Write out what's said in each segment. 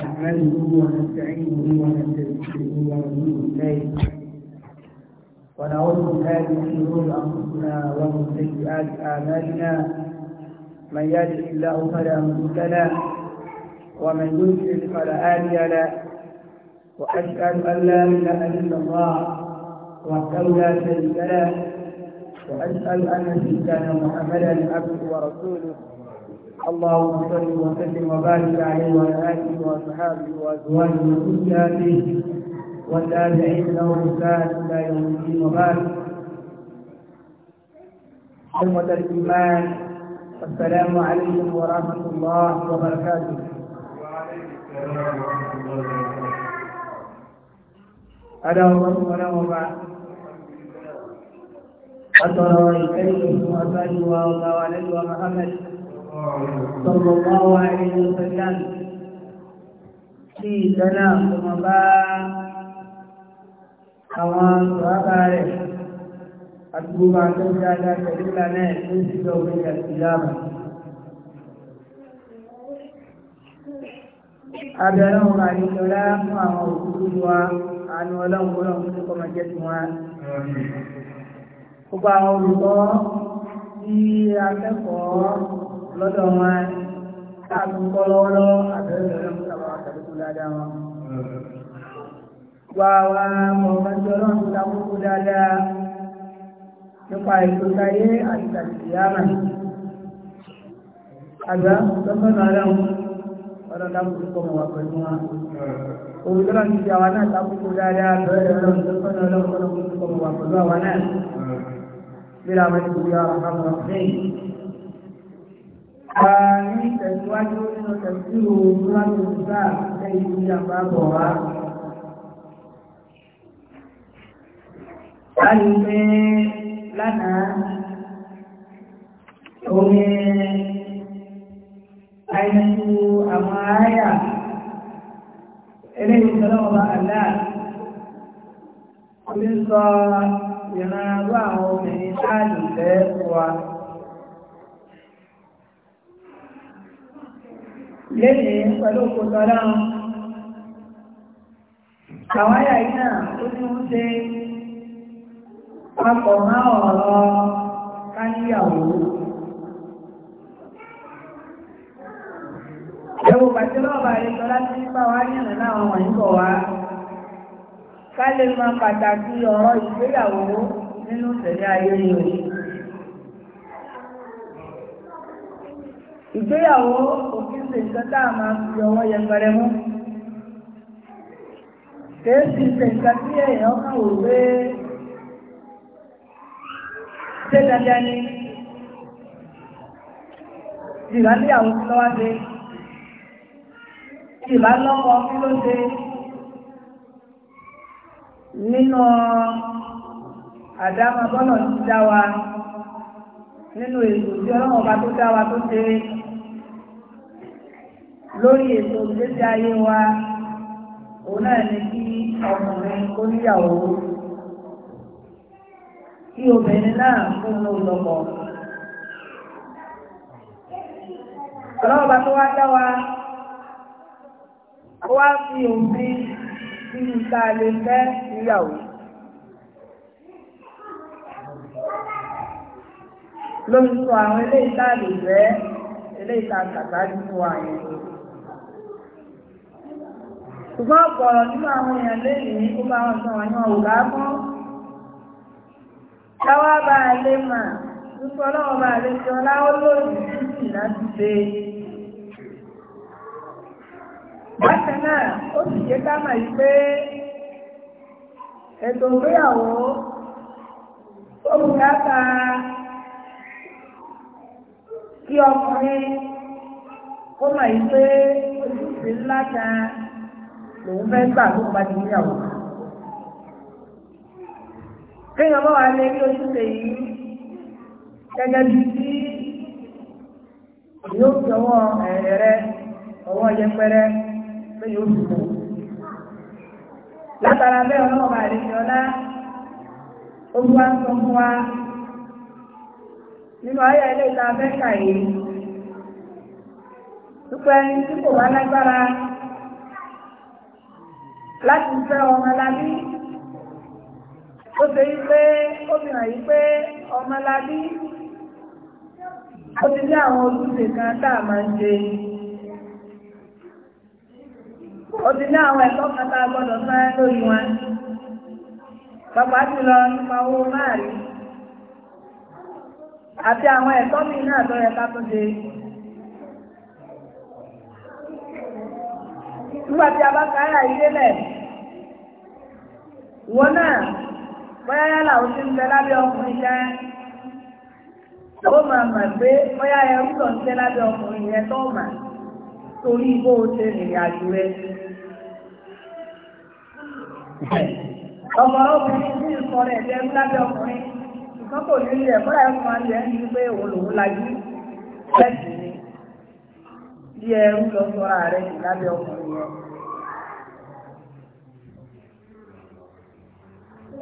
نحمده ونستعينه ونستغفره ونتوب اليه ونعوذ بالله من شرور انفسنا ومن سيئات اعمالنا من يهده الله فلا مضل له ومن يضلل فلا هادي له واشهد ان لا اله الا الله وحده لا شريك له واشهد ان سيدنا محمدا عبده ورسوله اللهم صل وسلم وبارك عليه وعلى اله واصحابه وازواجه وزوجاته والتابعين له بإحسان الى يوم الدين وبارك ثم الإيمان السلام عليكم ورحمة الله وبركاته وعليكم السلام ورحمة الله وبركاته ألا الله ولا وبعد الله وإليه وأسأل الله وعليه ومحمد sallallahu alaihi wasallam tí ìtọ́nà ọmọ bá àwọn sọ́ọ́bà rẹ̀ àti gbogbo àti ọjọ́ ajá pẹ̀lú ìlànà ẹ̀ tó sì lọ orí àtìláàmù. Abẹ́rẹ́ wọn àti ìjọlá fún àwọn òkúrú wa àánú ọlọ́run tó kọ́ máa jẹ́ fún wa. Gbogbo àwọn olùkọ́ tí akẹ́kọ̀ọ́ lọ́dọ̀ wọn káàkiri kọ́ lọ́wọ́lọ́wọ́ àtẹ́rẹ́sọ̀rọ̀ mú tàbá àtàlùkù dáadáa wọn. Wà wá mọ̀ ọ̀gájọ́ náà tó takókó dáadáa nípa ètò táyé àti tàbíyàmà. Àgbà lọ́sọ̀nà aláwọ̀ ọ̀dọ̀ takókó kọ́ mọ̀ wà pẹ̀lú wọn. Òbí tó láti fi àwọn náà takókó dáadáa bẹ̀rẹ̀ ọlọ́run lọ́sọ̀nà ọlọ́run kọ́ mọ̀ wà pẹ̀lú àwọn náà. Bí ààrin ìtẹ̀síwájú nínú tẹ̀síwò láti ìgbà lẹ́yìn ní àbábọ̀ wá. Láti pé lánàá, omi àìsù àwọn aráyà, eléyìí sọ́lọ́wọ́ àlá, omi sọ àwọn obìnrin fẹ́ wa. lẹ́yìn pẹ̀lú òkòtò ọlọ́run àwáyà iná ó ní ń ṣe papọ̀ máa ọ̀rọ̀ káníyàwó ẹwọ pàtílọ́ọ̀bà àrẹ́sọ láti nípa wá ní ìrìn láwọn wọ̀nyí bọ̀ wá ká lè máa pàtàkì ọ̀rọ̀ ìgbéyàwó nínú ìtẹ̀lé ayé yìí ìgbéyàwó ṣe nǹkan tá a máa fi ọwọ́ yẹpẹrẹ mú kìí sì ṣe nǹkan tí èèyàn kàn wò pé ṣé dandan ni ìgbà tí àwọn ti lọ́wọ́ ṣe ìbá lọ́kọ kí ló ṣe nínú àdámọ́ bọ́nà ti dá wa nínú ètò tí ọlọ́wọ́ bá tó dá wa tó ṣe lórí ètò ìgbésí ayé wa òun náà ní kí ọkùnrin kó níyàwó kí obìnrin náà fún un lọ́kọ. ọlọ́ọ̀bá tó wá dá wa ó wá fi òfin sí ìta lè fẹ́ níyàwó. lórí sọ àwọn lè fẹ́ ṣùgbọ́n ọ̀pọ̀ nínú àwọn èèyàn lẹ́yìn ó bá wọn sọ àwọn òwúrọ̀ mọ́ táwa bá a lè mà nípa ọlọ́wọ́ bá a lè jọ láwọ́ lórí títì láti ṣe bákan náà ó sì yé ká mà yí pé ètò ìgbéyàwó ó bùkátà kí ọkùnrin ó mà yí pé ojúṣe ńlá kan lòun fẹ́ gbà tó bá ti Kí kéèyàn bá wà ní ilé ojúṣe yìí gẹ́gẹ́ bí tí yóò fi ọwọ́ ẹ̀rẹ́ ọwọ́ yẹpẹrẹ pé yóò fi mọ̀. látara bẹ́ẹ̀ ọlọ́ọ̀bà àdéhùn ọlá olúwa ń sọ fún wa nínú ayé ilé láti fẹ́ ọmọlábí ó ṣe yí pé ó fi hàn yí pé ọmọlábí ó ti ní àwọn ojúṣe kan tá a máa ń ṣe ó ti ní àwọn ẹ̀kọ́ kan tá a gbọ́dọ̀ sáré lórí wọn pàpà jùlọ nípa owó máàrí àti àwọn ẹ̀kọ́ mi náà tó yẹ ká tó ṣe. nígbà tí a bá káyà ilé lẹ̀ wọn náà bóyá yálà ó ti ń bẹ lábẹ́ ọkùnrin jẹ́ ó máa mà pé bóyá ẹ ń tọ̀ ń tẹ́ lábẹ́ ọkùnrin yẹn tó mà torí bó o ṣe rìnrìn àjò rẹ. ọmọ obìnrin ní ìsọ rẹ̀ jẹ́ lábẹ́ ọkùnrin nǹkan kò ní ilẹ̀ bóyá ẹ fún wa ní pé òun lòun lajú bẹ́ẹ̀ bí ẹrú lọ sọ́ra rẹ̀ jù lábẹ́ ọkùnrin yẹn.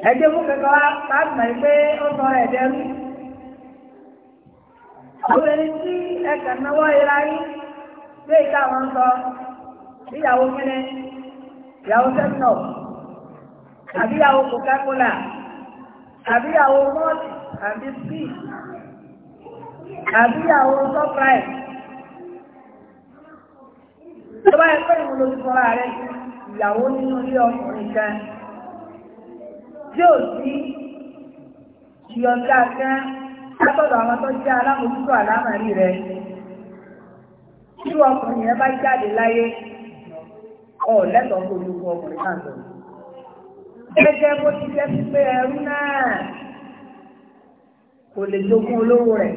ẹjẹ mú kẹkọọ láti mọ̀ pé ó sọ̀rọ̀ ẹ̀jẹ̀ rú. obìnrin tí ẹ̀kẹ́ náwó ìra yín lé ìta àwọn ń sọ níyàwó kíni ìyàwó sẹ́mínọ̀ àbí ìyàwó kòkákólà àbí ìyàwó mọ́ọ̀tì àbí sí àbí ìyàwó sọ́práìtì tó bá yẹ pé ìwọ ló ti fọ́ra rẹ ìyàwó nínú ilé ọkùnrin kan tí ò sí ìyọ̀ǹda kan látọ̀dọ̀ àwọn tó jẹ́ alámòjútó àlámàrí rẹ tí ọkùnrin yẹn bá jáde láyé ọ̀ lẹ́tọ̀ọ́ kó lóko ọkùnrin náà lọ. gẹ́gẹ́ bó ti jẹ́ pípé ẹrú náà kò lè jogún olówó rẹ̀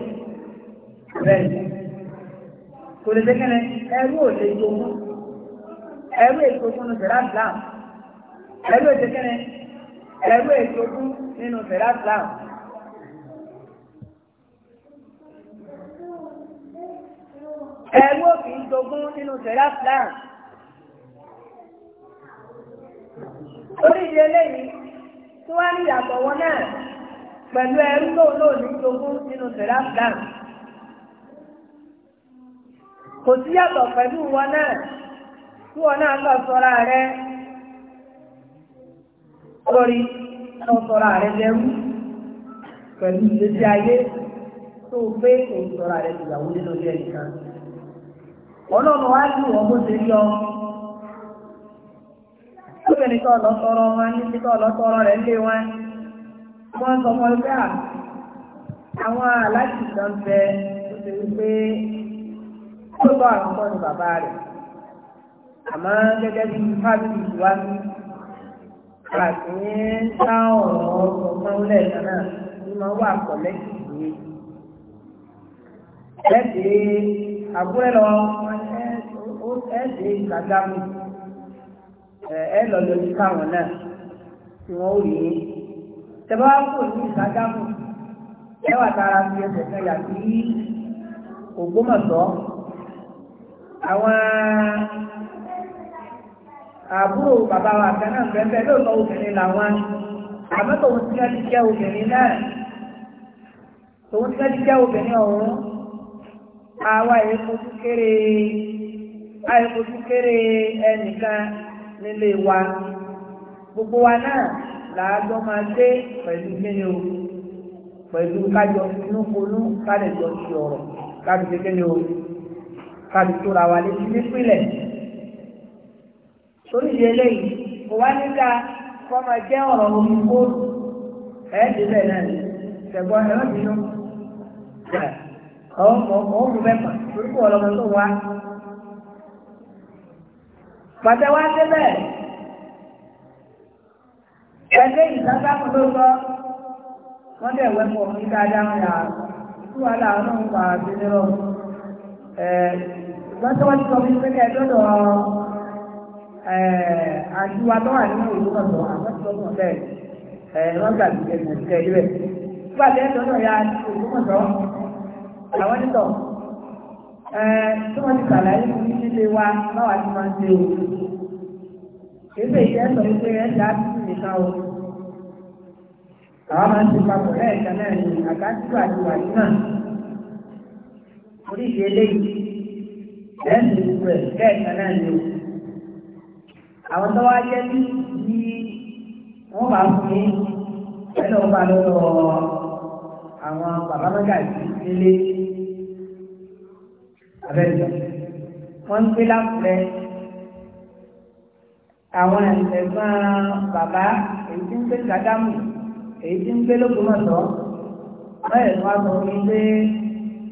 bẹ́ẹ̀ ni kò lè dékẹ́rẹ́ ẹrú ò lè jogún ẹrú èjogún nínú fẹ̀rẹ̀ Islam ẹrú èdékẹ́rẹ́ ẹrú èjogún nínú fẹ̀rẹ̀ Islam. ẹrú òkè jogún nínú fẹ̀rẹ̀ Islam. orí ilé lẹ́yìn tí wọ́n á ní ìyàtọ̀ wọn náà pẹ̀lú ẹrú lóòlóòlù jogún nínú fẹ̀rẹ̀ Islam. kò sí pẹ̀lú wọn náà tí wọn náà lọ sọ́ra rẹ lórí lọ sọ́ra lẹ́rú pẹ̀lú ìgbésí ayé tó gbé èyí sọ́ra ìyàwó nínú ilé nìkan. ọlọ́run wá bó ṣe lọ́dọ̀ àwọn ọmọ ní bàbá rẹ̀ àmọ́ gẹ́gẹ́ bí fábílì ìwádìí àti ká ọ̀rọ̀ ọ̀gbọ́nlẹ̀ náà ní máa wà pọ̀ lẹ́sìn ìwé. ẹ̀ẹ́dẹ̀ àbúrò lọ ẹ̀ẹ́dẹ̀ ìgbàgbàmù ẹ̀ẹ́lọ́lọ́ ní káwọn náà tí wọ́n ò rí i. tẹ́bá kò ní ìgbàgbàmù ẹ̀wà tara fi ẹsẹ̀ kan yà sí àwọn àbúrò bàbá wa kan náà bẹ́ẹ̀ lóòótọ́ obìnrin làwọn àmọ́ tòun ti káàdì jẹ́ obìnrin náà tòun ti káàdì jẹ́ obìnrin ọ̀hún àwa ìfojú kéré àìfojú kéré ẹnìkan nílé wa gbogbo wa náà làájọ máa dé pẹ̀lú kíni o pẹ̀lú kájọ inú kolú ká jọ sí ọ̀rọ̀ ká lè kíni o. kàbí tó ra wa létí nípínlẹ̀. torí ìdí eléyìí kò wá níta ọrụ máa jẹ́ ọ̀rọ̀ omi kóòtù ẹ̀ẹ́dì bẹ́ẹ̀ náà ni ṣẹ̀gbọ́n ẹ̀rọ bínú ọ̀hún mú mẹ́fà torí ọlọ́mọ tó wá. pàṣẹ wá débẹ̀ ẹgbẹ́ ìsásáfù ló sọ wọ́n dẹ̀ wẹ́pọ̀ ní dáadáa wọn yà á. Ìtúwàlà ọlọ́run pàṣẹ nírọ̀rùn. lọ́sọ̀wọ́n ti sọ fún mi pé ẹ̀dọ́dọ̀ àdúrà tó wà nínú ìlú ọ̀dọ̀ àgbẹ̀sọ̀tọ̀ bẹ́ẹ̀ lọ́gbà ìgbẹ̀mọ̀ ìgbẹ̀ ti ṣe o. Èébè ìṣẹ́ sọ wípé ẹ̀dá tuntun nìkan ní àkájúwà àti wàdí náà. oríṣi eléyìí lẹ́yìn gbogbo ẹ̀ kẹ́ẹ̀kan náà ni o àwọn tó wá jẹ́ bí bí wọ́n máa ń fi ẹ̀lọ́ bá lọ́wọ́ àwọn bàbá mẹ́ta yìí nílé abẹ́rẹ́ wọ́n ń gbé láǹfẹ́ àwọn ẹ̀gbọ́n bàbá èyí tí ń gbé sàdámù èyí tí ń gbé lókùnmọ̀tọ́ bẹ́ẹ̀ ni wọ́n sọ fún mi pé.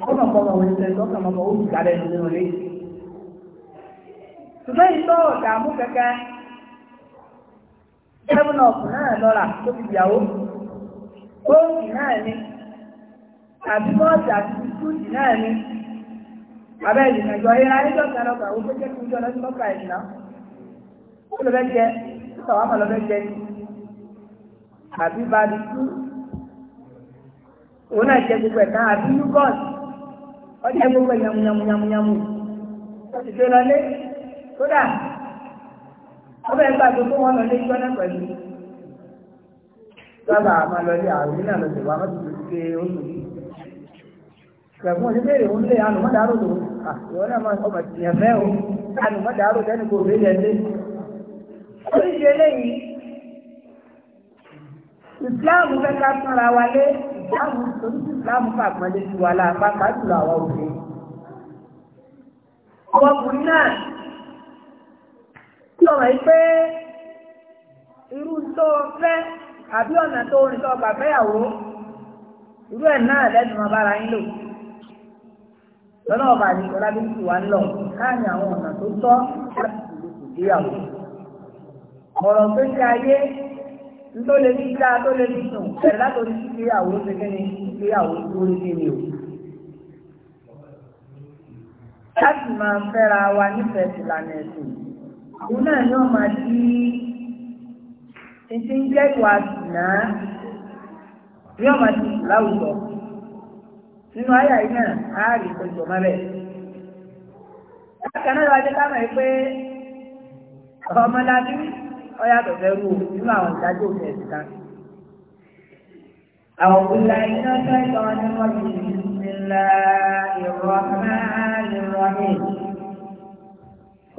ọmọ ọ̀pọ̀lọpọ̀ òun ṣe lọ́kàn mọ́mọ́ ó ti kálẹ̀ nínú rẹ̀ ṣùgbọ́n ìtọ́ ọ̀dààmú kẹ̀kẹ́ seven up náà lọ́ra tó fi náà ni bọ́ọ̀sì àti náà ni kí ó lọ lọ àbí bá a di tú òun náà jẹ gbogbo àbí ọjọ́ gbogbo yàmùyàmùyàmù ó ti gbé lọlé kódà ọbẹ̀ gbàgbé kó wọ́n lọlé gbọ́nà pẹ̀lú sábà máa lọlé àrùn náà lọ sẹ̀wá má tuntun ké oṣù yìí ṣẹ̀fún oníbèrè òun lè àlùmọ́dàrú lòun àìwọ́ náà máa ọmọ tìyàn mẹ́ o àlùmọ́dàrú lẹ́nu kò rí lẹ́lé oríṣi eléyìí ìsìláàmù fẹ́ ká fúnra wa lé ìsìláàmù torí ìsìláàmù fàpọ́nlé sí wa láàpá kájùlọ àwọn obìnrin. ọkùnrin náà tí ọmọ yìí pé irú tó fẹ́ àbí ọ̀nà tó rìn tó ọgbà fẹ́yàwó irú ẹ̀ náà lẹ́nu ọbára yín lò lọ́nà ọba ní ọlábí ti wà ń lọ káàní àwọn ọ̀nà tó tọ́ láti ìlú kò gbéyàwó ọ̀rọ̀ tó ṣe ayé tó lè ní ìdá tó lè ní sùn bẹ̀rẹ̀ látòrí ìgbéyàwó ṣe kí ni ìgbéyàwó tó lè kí ni o. láti máa fẹ́ra wa nífẹ̀ẹ́ sí ìlànà ẹ̀sìn òun náà ni wọ́n máa dí ìṣe ń jẹ́ ìwà àsìná ni wọ́n máa ti sùn láwùjọ nínú àyà yìí náà á rí ìtọ́jú ọmọ rẹ̀. bákan náà wájú ká mọ̀ pé ọmọ la ọ̀yàtọ̀ fẹ́rù nínú àwọn ìdájọ́ òfin ẹ̀sìn kan. àwọn òkúta iná sẹ́kọ̀ ní wọ́n ti ní ńlá ìrọ̀ máa ń rọ̀ ní.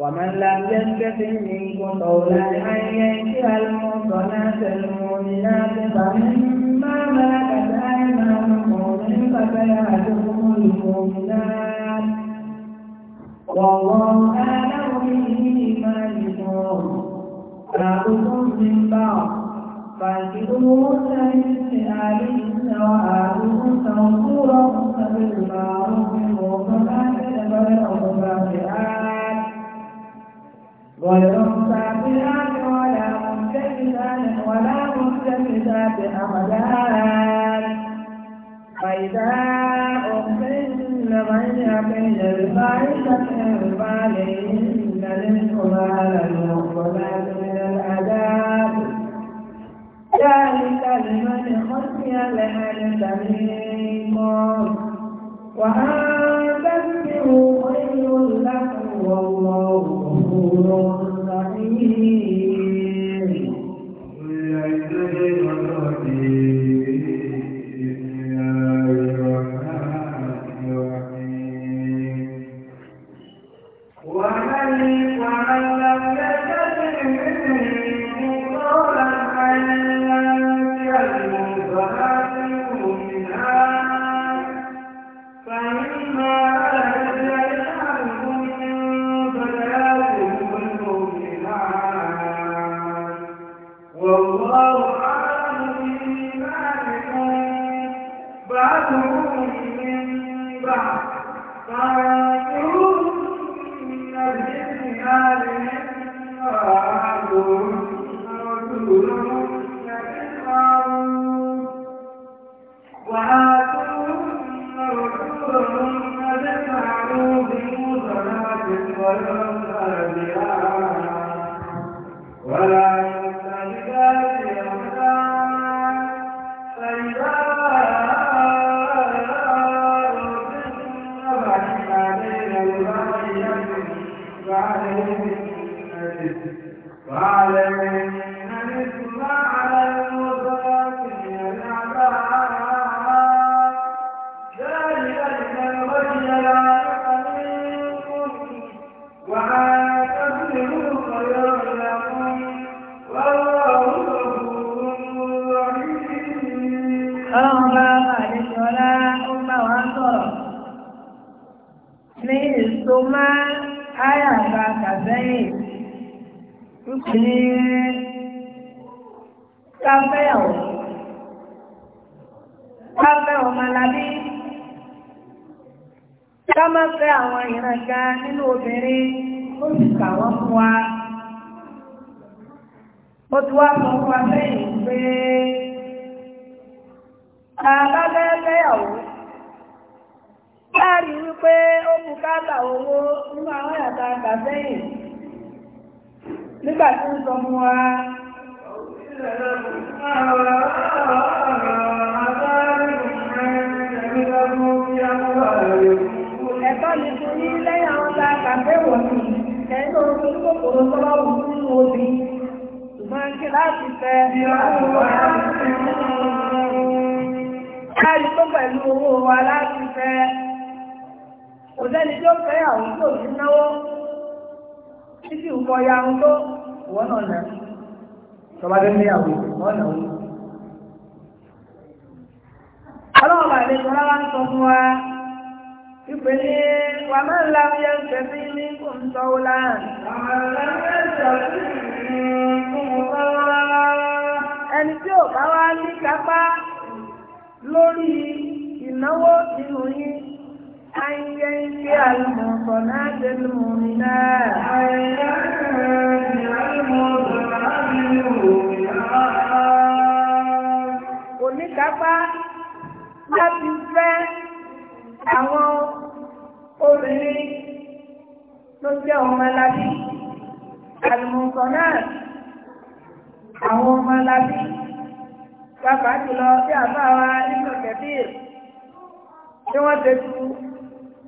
ومن لم يستطع منكم قولا أن ينكر المحصنات المؤمنات فمما ملكت أيمانكم من فتياتكم المؤمنات والله أعلم بإيمانكم بعضكم من بعض فاجدوا لرجالهن وآتوهم أجورهن بالمعروف مؤمنات غير مسافرات غير مسافرات ولا متخذات ولا متخذات أخدان فإذا أخذن من يقين الفاحشة فعليهن نصف على المحصنات لمن خشي لعنة منكم وأن تكبروا خير لكم والله غفور فعليهن ní káfẹ́ ọ̀ káfẹ́ ọmọ alábí ká má fẹ́ àwọn ìrànga nínú obìnrin ó sì kà wọ́n fún wa mo ti wá sọ wa sẹ́yìn pé bàbá bẹ́ẹ̀ fẹ́yàwó láàrin wípé ó bu káàkà owó nínú àwọn ìyàtà àgbà sẹ́yìn nígbà tí ń sọ fún wa ẹ̀tọ́ ni fún ní lẹ́yìn àwọn tá kàfẹ́ wọ̀nyí ẹ̀yìn tó ń kòkòrò tọ́lá wù nínú obì ṣùgbọ́n kí láti fẹ́ láàrin tó pẹ̀lú owó wa láti fẹ́ kò sẹ́ni tó fẹ́ àwọn tó fi náwó títí ìkọyà ń tó ìwọ náà nà tọ́ba tó ní àwọn ìwọ náà wí. ọlọ́run bàbá ìṣọ́ lára ń sọ fún wa ìpè ní wà máa ń la oyè ń fẹ́ sí ní kò ń sọ ó láà. ẹni tí ò bá wá ní kápá lórí ìnáwó inú أن ينكي المحصنات المؤمنات أن ينكي المحصنات المؤمنات oníkápá láti fẹ́ àwọn obìnrin tó jẹ́ ọmọlábí àlùmọ̀kàn náà àwọn ọmọlábí pàápàá jùlọ bí àbáwa nínú kẹfíìr tí wọ́n ti tu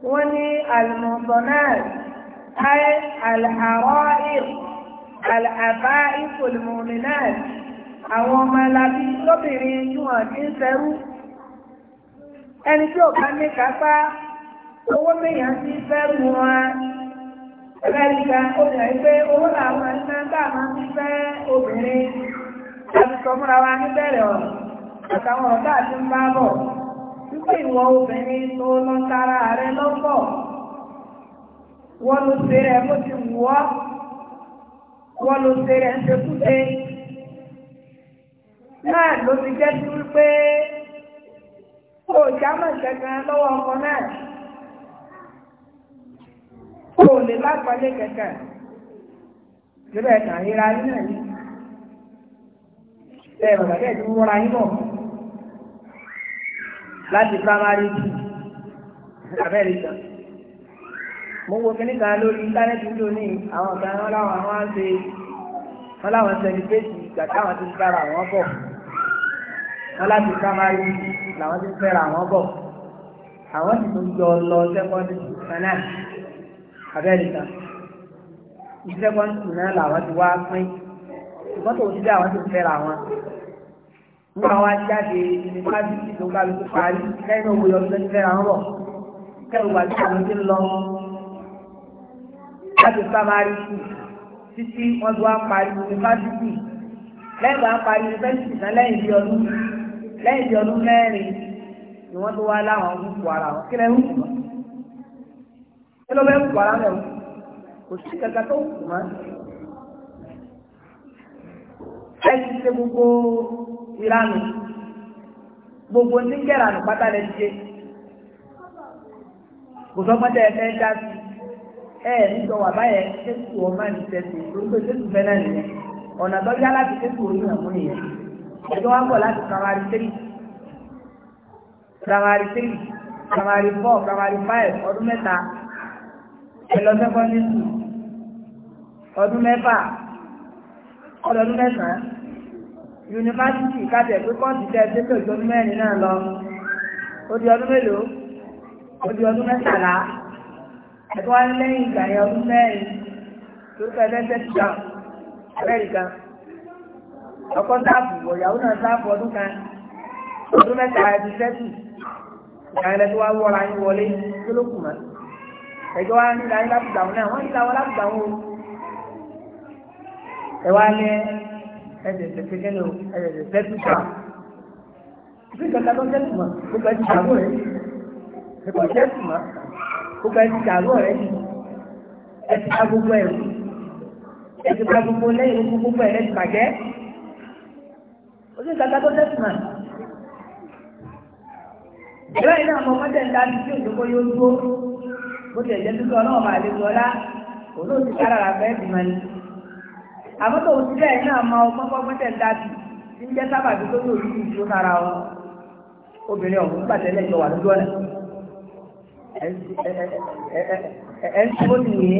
wọ́n ní almuhsanat ay alharair alhaba'iful mu'minat àwọn ọmọ alábí lóbìnrin tí wọ́n ti ń fẹ́rú ẹni tí ò bá ní kápá owó méyàn ti fẹ́rù wọn ẹlẹ́rìíga obìnrin pé owó làwọn ẹ̀sẹ̀ bá máa ń fẹ́ obìnrin láti sọ wa níbẹ̀rẹ̀ ọ̀rọ̀ àtàwọn ọ̀gá àti ń bá bọ̀ wípé ìwọ obìnrin tó lọ tara rẹ lọ́pọ̀ wọ́n ló ṣe rẹ̀ bó ti wù ọ́ wọ́n ló ṣe rẹ̀ ń ṣekúṣe náà ló ti jẹ́ sí wípé kò jámọ̀ kankan lọ́wọ́ ọkọ náà kò lè lápọ̀lé kankan síbẹ̀ kàn ríra nínú ẹ̀yìn ẹ̀ bàbá bẹ́ẹ̀ ti wúra yín bọ̀ láti primary two abẹ́rẹ́ta mo wo kíní kan lórí íńtánẹ́ẹ̀tì ń lò ní àwọn kan wọn láwọn àwọn á ṣe wọn láwọn sẹliféètì ìgbà táwọn ti ń fẹ́ra àwọn bọ̀ wọn láti primary two làwọn ti ń fẹ́ra àwọn bọ̀ àwọn ti tún jọ lọ secondary two kan náà abẹ́rẹ́ta secondary làwọn ti wá pín ìfọ́tò òṣìṣẹ́ àwọn ti ń fẹ́ra àwọn nígbà wá jáde yunifásitì tó bá lóko parí lẹ́yìn òwe ọ̀sẹ̀ tẹ́ à ń rọ̀ kẹ́rù wà nígbà lóde lọ láti sábàárì kù títí wọ́n ti wá parí yunifásitì lẹ́yìn wá parí yunifásitì náà lẹ́yìn bí ọdún lẹ́yìn bí ọdún mẹ́rin ni wọ́n tó wá láwọn hùkù ara wọn kílẹ̀ hùkù wọn kí ló bẹ́ẹ̀ hùkù ara rẹ̀ wọn kò sí kankan tó hùkù wọn. Ẹ ti ṣe gbogbo ìranù gbogbo ní kẹranù pátá lẹ ti ṣe kò sọ pátá ẹ fẹ́ dá sí ẹ níjọ wà báyẹn ṣéṣù ọmọ ní tẹsí lórúkọ ṣéṣù fẹ́ náà nìyẹn ọ̀nà tó yá láti ṣéṣù oníyàn mú nìyẹn ẹjọ́ wá bọ̀ láti primary three primary three primary four primary five ọdún mẹ́ta ẹ lọ secondary school ọdún mẹ́fà ọdún mẹ́sàn-án yunifásitì kájẹ̀ pé kọ́ọ̀sì tẹ́ ẹ tó ìjọ ọdún mẹ́rin náà lọ ó di ọdún mélòó ó di ọdún mẹ́tàlá ẹ̀kọ́ wá lẹ́yìn ìgbà yẹn ọdún mẹ́rin tó fẹ́ lẹ́sẹ̀ tìjà ọ̀rẹ́rì kan ọkọ sáàbù ọ̀yàwó náà sáàbù ọdún kan ọdún mẹ́ta ẹ̀dùn sẹ́tù ìgbà yẹn tó wá wọ́ra yín wọlé tó ló kù mọ́ ẹ̀jọ́ wá nílá yín láti náà wọ́n nílá o ẹ̀ wá lẹ́yìn ẹ̀ẹ́dẹ̀ẹ̀dẹ̀ kékeré o ẹ̀ẹ́dẹ̀ẹ̀dẹ̀ tẹ́tíkà sí kankan tó tẹ́tù mọ́ gbogbo ẹ̀dí ìdàgbọ́ rẹ̀ ẹ̀kọ́ tẹ́tù mọ́ gbogbo ẹ̀dí ìdàgbọ́ rẹ̀ ẹ̀dí ta gbogbo ẹ̀rù ẹ̀dí ta gbogbo lẹ́yìn ogun gbogbo ẹ̀rẹ́ ti bàjẹ́ ojú kankan tó tẹ́tù mọ́ ìlú ẹ̀dá àwọn ọmọdé ń darí sí òjòkó yóò dúró bó ti ẹ̀jẹ̀ dúró ọlọ́wọ́ àmọ́ tó bẹ́ẹ̀ náà máa ọmọ gbọ́gbọ́n tẹ̀ ń dábì tí ń jẹ́ sábàbí tó ní òbí ìṣó sára ọ obìnrin ọ̀hún gbàtẹ́lẹ̀ jọ wà lójú ọ̀nà ń tó nìyí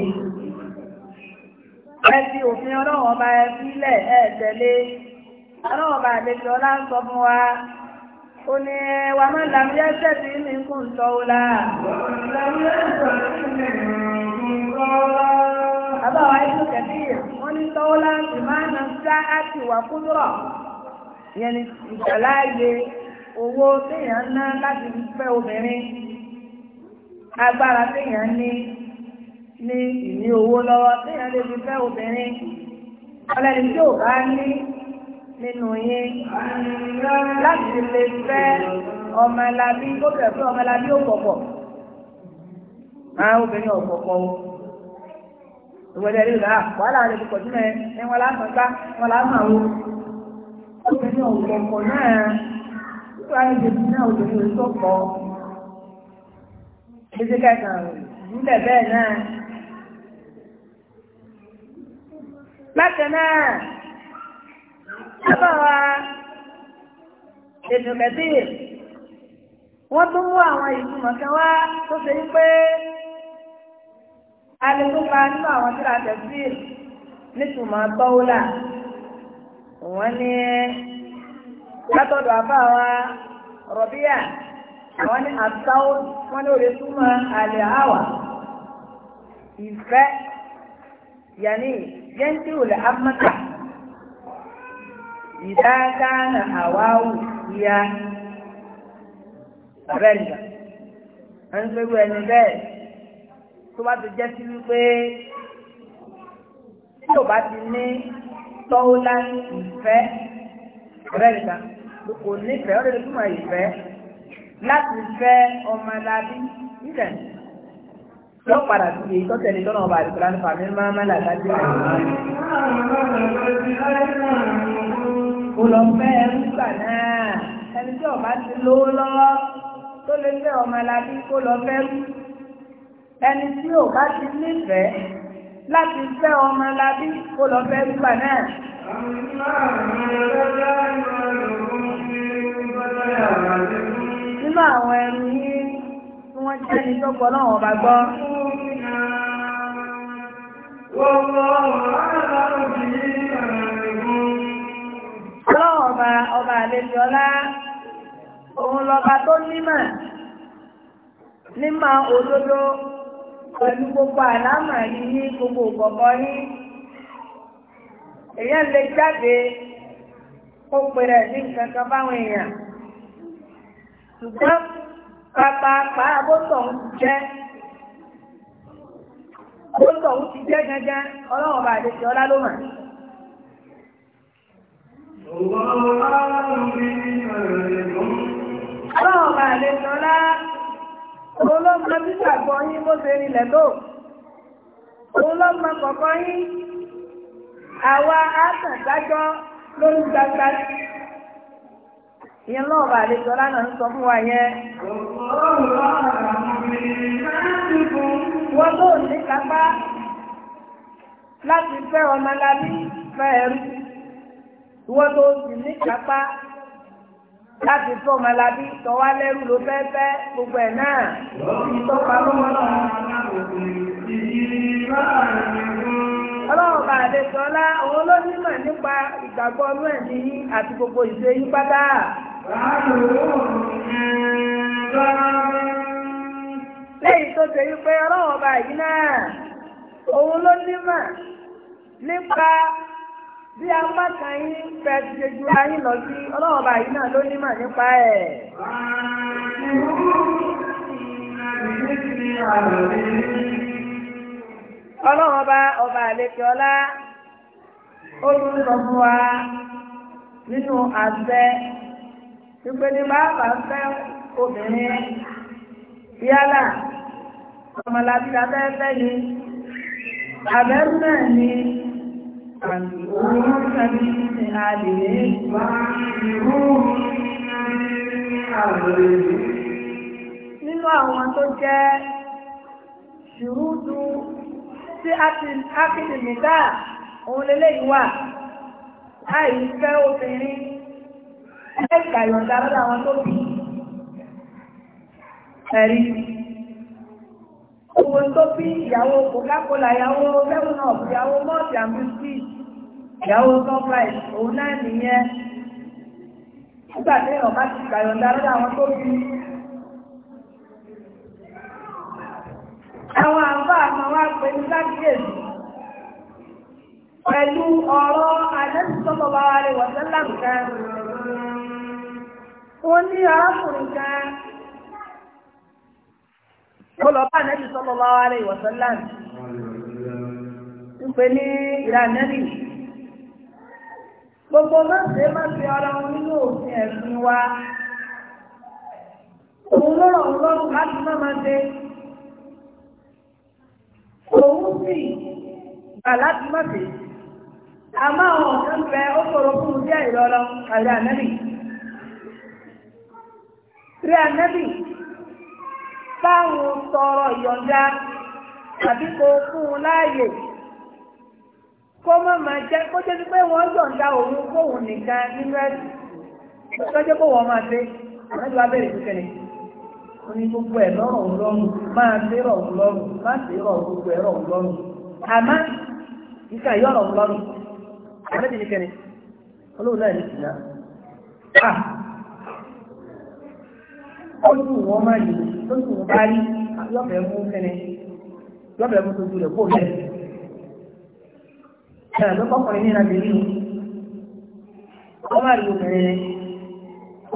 ẹ òfin ọba ẹ ẹ tẹ̀lé ọlọ́run ọba àlejò ọlá ń sọ fún wa ó ní ń la. àbáwá ẹ̀ tọ́lá ìmáàna sáàtì wà kúndùrọ̀ yẹn ni ìgbàláàyè owó téèyàn ná láti fẹ́ obìnrin agbára téèyàn ní ní ìní owó lọ́wọ́ téèyàn lè fi fẹ́ obìnrin ọlẹ́ni tí ò bá ní nínú yín láti lè fẹ́ ọmọlábí tó bẹ̀ fún ọmọlábí òpọ̀pọ̀ àwọn obìnrin òpọ̀pọ̀ o ìwọ̀dẹ̀ rí rà wàhálà rẹ̀ kò tún ẹ wọn láàmú ẹgbá wọn láàmú àwọn obìnrin ọ̀pọ̀pọ̀ náà nípa ìdèjì náà obìnrin òṣìṣẹ́ ọ̀pọ̀ ṣíṣe kẹta nílẹ̀ bẹ́ẹ̀ náà. bákan náà sábà wa ètò kẹtì wọ́n tún mú àwọn ìtumọ̀ kan wá tó ṣe ń pé alẹ́kópa nínú àwọn tí a tẹ̀sí nítumọ̀ bọ́ọ̀là wọ́n ní látọ̀dọ̀ àbáwa rọ̀bíà àwọn ní àtàwọn wọ́n ní òde túmọ̀ àlẹ́ àwà ìfẹ́ yàní yẹ́ntì òlè amọ́ta ìdáadáa àwáwù yá rẹ̀ nìyà. ẹni pé wọ́n ẹni bẹ́ẹ̀ tó bá ti jẹ́ sí wípé tí o bá ti ní tọ́wọ́lá ìfẹ́ ọ̀rẹ́ nìkan kò nífẹ̀ẹ́ ọ̀rẹ́ nìkan máa ìfẹ́ láti fẹ́ ọmọ alábí nílẹ̀ yóò padà sí èyí tó tẹ̀lé tọ́nà ọba àdìgbò láti fàmí máa máa làdájú rẹ̀. kò lọ fẹ́ nígbà náà ẹni tí ọba ti lówó lọ́wọ́ tó lè fẹ́ ọmọ alábí kó lọ fẹ́ rú ẹni tí ò bá ti nífẹ̀ẹ́ láti fẹ́ ọmọ labí kó lọ fẹ́ gbà náà. nínú àwọn ẹrù yìí tí wọ́n jẹ́ ẹni tó gbọ́ náà wọ́n gbọ́. Ọlọ́run ọba ọba àlejò òun lọba tó nímọ̀, nímọ̀ òdodo. pẹ̀lú gbogbo àlámà yìí ní gbogbo ìgbọ̀gbọ́ yín èèyàn lè jáde kó pèrè ní nǹkan kan báwọn èèyàn ṣùgbọ́n pàpà pàábótọ̀ ń jẹ́ bótọ̀ ń ti jẹ́ gangan ọlọ́run bá ọlá ló mà. ọlọ́run bá ọlá. òun ló mọ títàgbọ́ yín bó ṣe rinlẹ̀ tó òun ló mọ kọ̀ọ̀kan yín àwa àtàgbájọ́ lórí gbangba ìyẹn náà bá lè sọ lánàá ń sọ fún wa yẹn. wọ́n tó ní kápá láti fẹ́ ọmọlábí fẹ́ ẹrú wọ́n tó sì ní kápá láti tó ọmọlábí tọ́wá lẹ́rù ló fẹ́ fẹ́ gbogbo ẹ̀ náà tó pamọ́ wọn náà. ọlọ́run bàdé sọlá òun ló nímọ̀ nípa ìgbàgbọ́ ọmọ ẹ̀mí àti gbogbo ìṣe yín pátá. lẹ́yìn tó ṣe wípé ọlọ́run bàyí náà òun ló nímọ̀ nípa bí apá kan yín fẹ́ ti ṣe ju ayé lọ sí ọlọ́wọ́ báyìí náà ló nímọ̀ nípa ẹ̀. ọlọ́wọ́ bá ọba àlejò ọlá ó tún sọ fún wa nínú àṣẹ ìpele bàbá fẹ́ obìnrin yálà ọmọlàbí abẹ́fẹ́ ni abẹ́rú ni. فانقلوه سبيل عليه وعنقلوه Nínú àwọn tó jẹ́ ṣùrúdú tí ákìlì nìdá òun lélẹ̀ ìwà láì fẹ́ obìnrin ẹgbà ìrọ̀dá lọ́dọ̀ àwọn tó bí ẹ̀rí. owó tó bí ìyàwó coca-cola ìyàwó seven up ìyàwó malt and ìyàwó sunrise òun náà nìyẹn nígbà tí èèyàn bá ti gbàyọ̀ǹda lọ́dọ̀ àwọn tó bí àwọn àbá àmọ́ wa pè ní pẹ̀lú ọ̀rọ̀ àdẹ́sítọ́pọ̀ bá wa lè wọ̀ sẹ́lá nǹkan mo lọ bá nẹ́bí sallallahu alaihi wasallam ń pè ní ìrànẹ́bí gbogbo mọ́sẹ̀ má fi ara wọn nínú òfin ẹ̀sìn wa òun ló rọ̀ lọ́rùn láti má máa dé òun sì gbà láti má dé àmọ́ àwọn ọ̀sán bẹ ó kọ̀rọ̀ fún un díẹ̀ ìrọ̀lọ́ àrí ànẹ́bí rí ànẹ́bí báwọn tọrọ ìyọ̀ǹda tàbí kò fún un láàyè kó mọ́ máa jẹ́ kó jẹ́ pé wọ́n yọ̀ǹda òun kóhun nìkan nínú ẹ̀sìn kó wọ́n máa ṣe àwọn ìlú abẹ́rẹ́ ni ó ní gbogbo ẹ̀ lọ́rọ̀ lọ́rùn máa ṣe rọ̀rùn lọ́rùn gbogbo ẹ̀ rọ̀rùn lọ́rùn ìka lọ́rùn náà ní ìsìn náà ah! ojú wọn má rí lójú wọn bá rí yọ̀bẹ̀ mú mú tuntun rẹ̀ kó ẹ̀rọ kọ́kùnrin ní ìrìnàjò má rí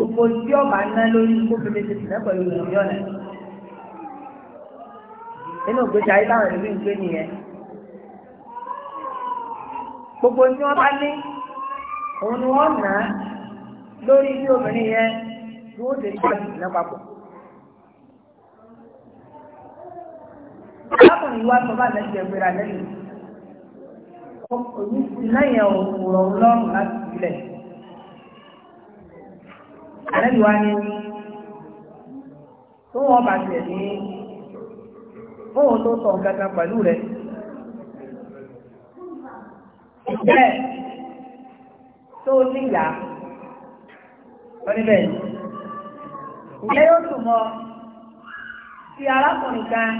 obìnrin ọba ná lórí ti ọ̀nà ògbésí ayé táwọn ìlú ń gbé nìyẹn gbogbo tí wọ́n bá ní òun ni wọ́n lórí obìnrin yẹn tí ó lè gbà ní ìlànà sọ bá lẹ́yìn ẹgbẹ́ra lẹ́yìn òní lẹ́yìn ọ̀rọ̀ ọlọ́run láti ìbílẹ̀. àlẹ́ wa ni tó wọ́n bá tẹ̀ ní fóun tó sọ nǹkan pẹ̀lú rẹ̀. ìbẹ́ẹ̀ tó níyà wọ́n níbẹ̀ yìí. ìyẹ́ yóò ti arákùnrin kan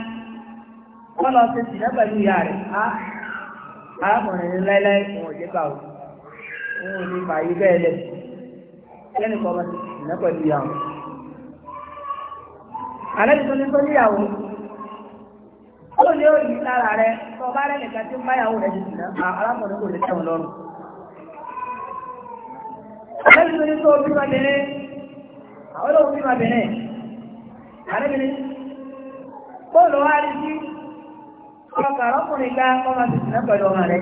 wọ́n lọ sí ìsìnà pẹ̀lú ìyá o òun ò ní fààyè bẹ́ẹ̀ lẹ̀ kẹ́ni ọmọ sí ìsìnà ìyá o. ní lára àwọn olóhùn bímọ bẹ̀rẹ̀ àrẹ́bìnrin bóòlù wa rí sí ọkà ọkùnrin ká ọmọ tuntun náà pẹ̀lú ọmọ rẹ̀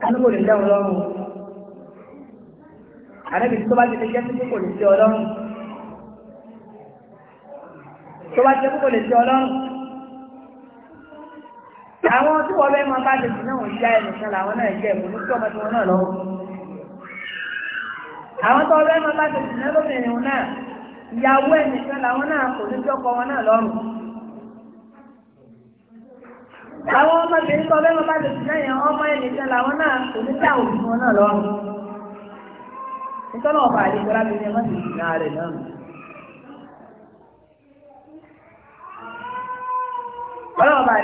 kálukú lè dẹ́wọ̀n lọ́rùn àrẹ́bìnrin tó bá ti lè jẹ́ sí kò lè sí ọlọ́run tó bá jẹ́ kò lè sí ọlọ́run àwọn tí wọ́n bẹ́ẹ̀ máa bá lè sí náà wọ́n já ẹnìkan làwọn náà jẹ́ ìmúlùsọ́mọ́tí wọn náà lọ́wọ́. àwọn tó lẹ́nu láti ṣìnà lóbìnrin wọn náà ìyàwó ẹnìkan làwọn náà kò ní jọ́kọ wọn náà lọ́rùn. àwọn ọmọbìnrin tó lẹ́nu láti ṣìnà yẹn ọmọ ẹnìkan làwọn náà kò ní já wọn náà lọ́rùn. nítorí ọba àlejò lábẹ́ni ẹ̀mọ́ ti ṣìnà rẹ̀ náà. ọlọ́ọ̀bà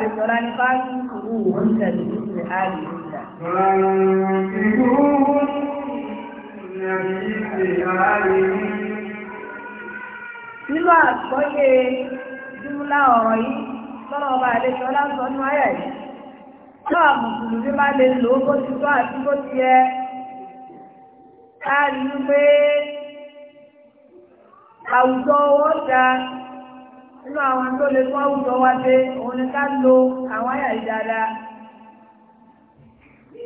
kúrú Nínú àgbọ́yé Júmúlá ọ̀rọ̀ yìí, lọ́rọ̀ ọba àlejò ọlásọ ní ayẹ̀ yìí. Náà Mùsùlùmí bá lè lò ó bó ti tó àti bó ti yẹ. Káàrí wípé àwùjọ owó ga nínú àwọn tó lè fún àwùjọ wa òun ni ká lo àwọn ayẹ̀ yìí dáadáa.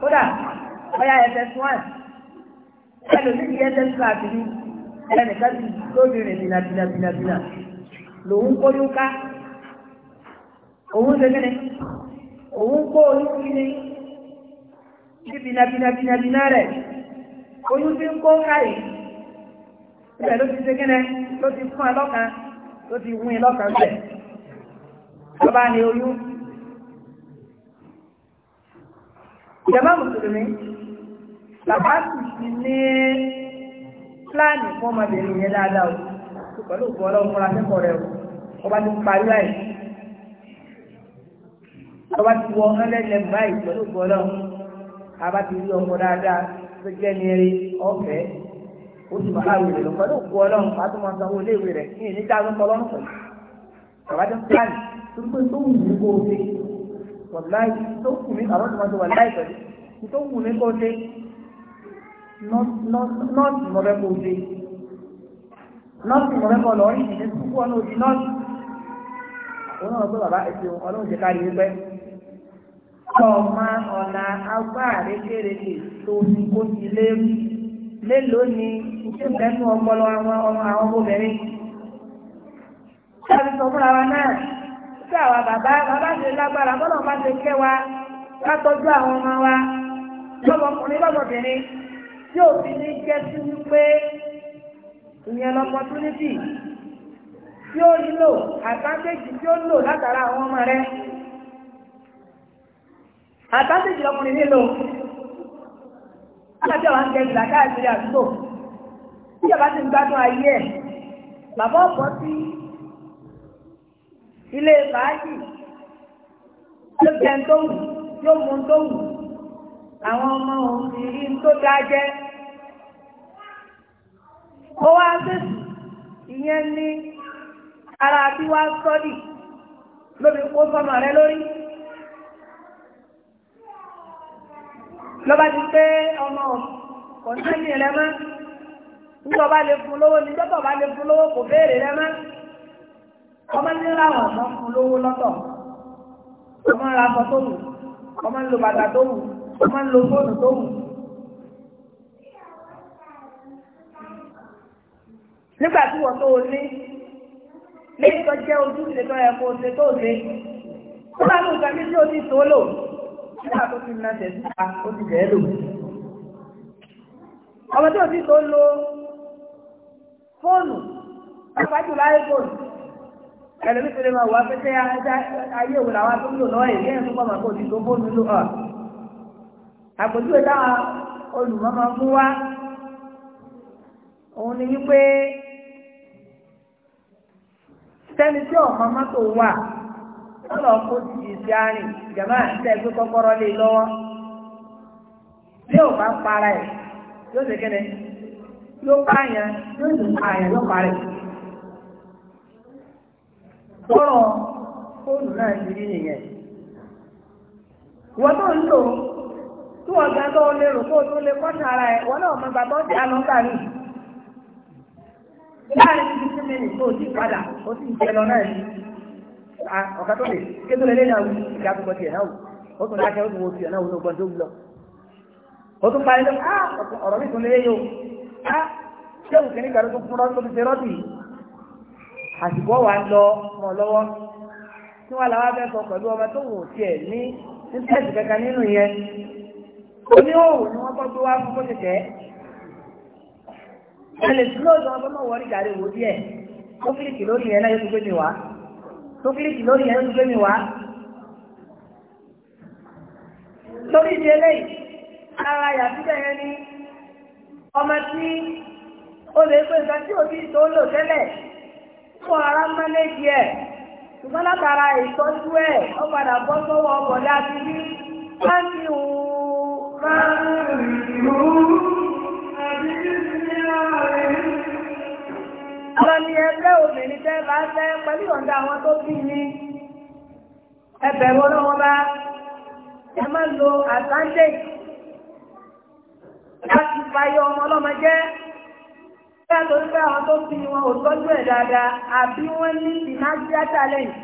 kódà ọ̀yà ss1 ẹlòmíì ss class ni ẹnìkan ti tóbi rìn bìnà bìnà bìnà bìnà lòun kó ní ká òun ṣe kíni òun kó oyún kíni sí bìnà bìnà bìnà bìnà rẹ̀ oyún ti ń kó káyìí ibẹ̀ ló ti ṣe kíni ló ti fún ẹ lọ́kàn ló ti wún ẹ lọ́kàn bẹ̀ ọba ni oyún. ìjọba mùsùlùmí bàbá sì ti ní pílánì fún ọmọbìnrin yẹn dáadáa o pẹ̀lú òkú ọlọ́run fúnra kẹ́kọ̀ọ́ rẹ̀ o wọ́n bá ti parí báyìí wọ́n bá ti wọ ọlẹ́lẹ̀ báyìí pẹ̀lú òkú ọlọ́run àbá ti rí ọmọ dáadáa tó jẹ́ ní eré ọ̀fẹ́ ó sì máa wù rẹ̀ lọ pẹ̀lú òkú ọlọ́run pàtó máa sanwó iléèwé rẹ̀ ní ìníjà ló kọ́ lọ́nà pẹ̀lú bàbá ti ń pílánì tó ń pè tó wù ní kó o ṣe wàláì tó kù mí àwọn ọmọdé wàláì pẹ̀lú tó wù mí kó dé nọ́ọ̀tì mọ̀rẹ́ kó dé nọ́ọ̀tì mọ̀rẹ́ kó lọ rí ìdílé tó kú ọ̀nà òdì nọ́ọ̀tì òun náà gbé bàbá ẹ̀sìn ọlọ́run jẹ́ ká yé pẹ́ ọmọ ọ̀nà agbáàrẹ́ kéréje tó ní kó ti lé mélòó ni iṣẹ́ ìfẹ́ fún ọpọlọ àwọn ọmọ àwọn ọmọbìnrin. sábì sọ fúnra wa náà tí àwa bàbá bàbá ṣe lágbára bọ́lọ̀ bá ṣe kẹ́ wa ká tọ́jú àwọn ọmọ wa lọ́mọkùnrin lọ́mọbìnrin tí ò fi ní jẹ́ sí wípé ìyẹn lọ́pọ̀túnítì tí ó lò àtàkéjì tí ó lò látara àwọn ọmọ rẹ àtàkéjì lọkùnrin nílò alájọ àwọn ń gẹ̀ẹ́sì làkáàkiri àdúgbò tí ìjọba ti ń gbádùn ayé ẹ̀ bàbá ọ̀pọ̀ sí ilé fàájì tó jẹun tó wù yóò mú tó wù làwọn ọmọ òun sì rí tó dáa jẹ ó wá fèsì ìyẹn ní ara bí wá sọ́dì lóbi kó sọmọ rẹ lórí. lọ́ba ti pé ọmọ kọ̀ńtẹ́nì rẹ mọ́ nígbà bá lè fún lówó nígbà bá lè fún lówó kò béèrè rẹ mọ́ ọmọ ní láwọn ọ̀nà fún lówó lọ́tọ̀ ọmọ ń ra aṣọ tó wù ọmọ ń lo bàtà tó wù ọmọ ń lo fóònù tó wù. nígbà tí wọ́n tó o ní lẹ́yìn tó jẹ́ ojúṣe tó yẹ kó o ṣe tó o ṣe ó bá lóun kan tí o ti tó lò nígbà tó ti na tẹ̀sí ta ó ti bẹ̀ẹ́ lò. ọmọ tí o ti tó lo fóònù pàápàá jùlọ ayé fóònù. ẹlòmí tó ma máa wá pété ayé òun làwọn tó ń lò lọ́wọ́ ẹ̀ tó pọ̀ màkà òdì fóònù lò hàn. àpèjúwe táwọn máa mú wá òun ni wípé sẹ́ni tí ọ̀mọ mọ́tò wà kó sí àárín àti ẹgbẹ́ kọ́kọ́rọ́ lọ́wọ́ tí bá para ẹ̀ yóò ṣe kéde yóò pààyàn yóò pààyàn bọ́rọ̀ fóònù náà ti rí nìyẹn wọ́n tó ń lò tí wọ́n gbà tó lè rò kó tó lè kọ́ta ara ẹ̀ wọ́n náà mọ bàbá ọ̀dẹ́ alọ́gbà mi láàrin ibi tí mi nì tó ti padà ó sì ń jẹ lọ náà yìí ọ̀ká tó lè ké tó lè lé náà wù ìyá àkọ́kọ́ tiẹ̀ náà wù ó tún lákẹ́ ó tún wo tiẹ̀ náà wù tó gbọ́n tó wù lọ ó tún parí lọ ah, ọ̀rọ̀ mi tún lé yóò ah, ṣé òkè ní kàró tó kún tó fi ṣe rọ́ọ̀tì yìí àsìkò wa lọ mọ́ lọ́wọ́ tí wọ́n làwọn abẹ́ sọ pẹ̀lú ọmọ tó wò tiẹ̀ ní nípẹ́ẹ̀sì kankan nínú yẹn oníhòòhò ni wọ́n kọ́ wá fún kóṣèṣẹ́ ẹ lè tún lóòótọ́ ọmọ mọ̀ wọ́n rí wò díẹ̀ tó kílìkì lórí yẹn náà yóò tún gbé mi wá tó kílìkì lórí yẹn yóò tún gbé mi wá torí ìdí eléyìí ara yàtúbẹ̀ yẹn ni ọmọ tí ó lè pè nǹkan tí òbí tó lò tẹ́lẹ̀ kó ara mánéjì ẹ̀ ṣùgbọ́n látara ìtọ́jú ẹ̀ ó padà bọ́ sọ́wọ́ ọ̀bọ̀dá ti ní láti hù máa ń rù àwọn ni ẹgbẹ́ obìnrin bá fẹ́ pẹ̀lú àwọn tó bí bá ẹ má lo láti fayọ ọmọ ọlọ́mọ jẹ́ bá torí pé àwọn tó fi wọn ò tọ́jú ẹ̀ dáadáa àbí wọ́n ní financial challenge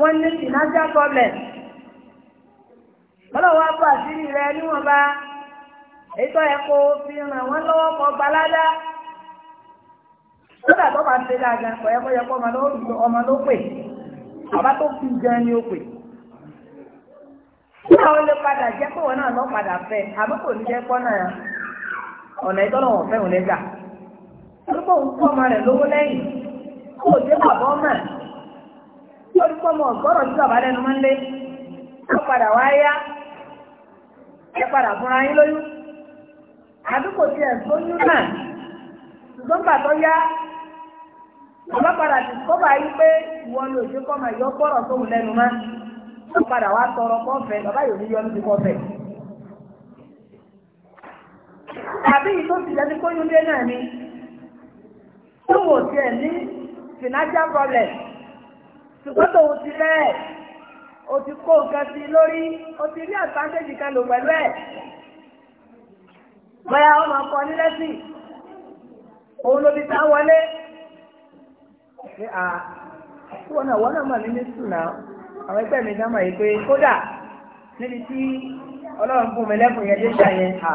wọ́n ní financial problem ọlọ́wọ́ á bọ̀ àṣírí rẹ níwọ̀nba ètò ẹ̀kọ́ fi ràn wọ́n lọ́wọ́ kọ́ gbalada kódà tó máa ń ṣe dáadáa kọ̀ ẹ̀kọ́ yẹ kọ́ ọmọ ló pè bàbá tó fi gan ni ó pè kí àwọn olè padà jẹ́ pé wọn náà lọ́ padà fẹ́ àbúkò ní jẹ́ pọ́n náà ọ̀nà ìtọ́nà wọn fẹ́ òun lẹ́gbà orúkọ òun kọ́ ọmọ rẹ̀ lówó lẹ́yìn kó o dé bàbá ọmọ tí orúkọ ọmọ ọ̀gọ́rọ̀ tí bàbá lẹ́nu máa ń lé ó padà wá yá ẹ padà fúnra yín lóyún àdúgbò tí ẹ̀ tó yún náà ṣùgbọ́n gbà tó yá bàbá padà ti kọ́ bá yí pé ìwọ ló ṣe kọ́ ọmọ ìyọ́ gbọ́rọ̀ tóun lẹ́nu máa ó padà wá tọrọ kọ́fẹ́ bàbá yòó ní yọ ní ti kọ́fẹ́ àbí ìtò ti jẹ́ni kó yúndé náà ni tó wò tiẹ̀ ní financial problem ṣùgbọ́n tó ti rẹ̀ o ti kó nǹkan sí lórí o ti rí advantage kan lò pẹ̀lú ẹ̀ bóyá ọmọ ọkọ nílẹ̀ sí òun ló fi ta wọlé ṣe à wọn náà wọn náà mà ní nísù náà àwọn ẹgbẹ́ mi náà mà yìí pé kódà níbi tí ọlọ́run fún mi lẹ́kùn yẹn dé ṣàyẹn à.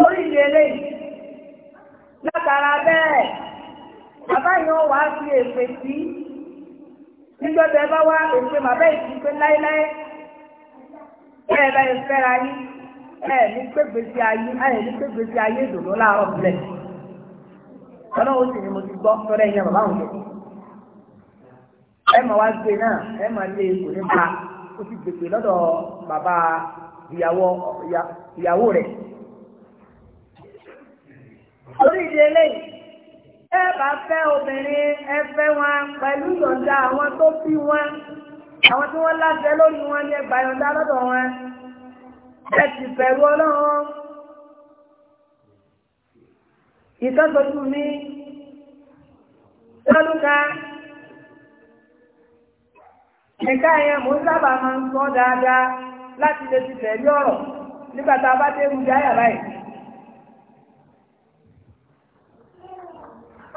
lórí ilé eléyìí látara bẹ́ẹ̀ bàbá fi sí bá wá bàbá yìí pé láéláé bẹ́ẹ̀ bá fẹ́ra yín ẹ̀ ní pẹ́gbèsè ayé ẹ̀ ní pẹ́gbèsè ayé láàárọ̀ bílẹ̀ ni mo ti gbọ́ tọ́lẹ̀ yẹn bàbá òun ẹ mà wá gbé náà ẹ mà lé ó ti Orí ìdí eléyìí, ẹ bá fẹ́ obìnrin ẹ fẹ́ wọn pẹ̀lú yọ̀ǹda àwọn tó bí wọn, àwọn tí wọ́n láṣẹ lórí wọn ni ẹgbà yọ̀ǹda lọ́dọ̀ wọn. Ẹ ti bẹ̀rù Ọlọ́run. Ìtọ́jú mi lọ́dún kan. Ẹ̀ka yẹn mò ń sábà máa ń sọ dáadáa láti lè ti tẹ̀lé ọ̀rọ̀ nígbà tá a bá dé ibùdó àyàbá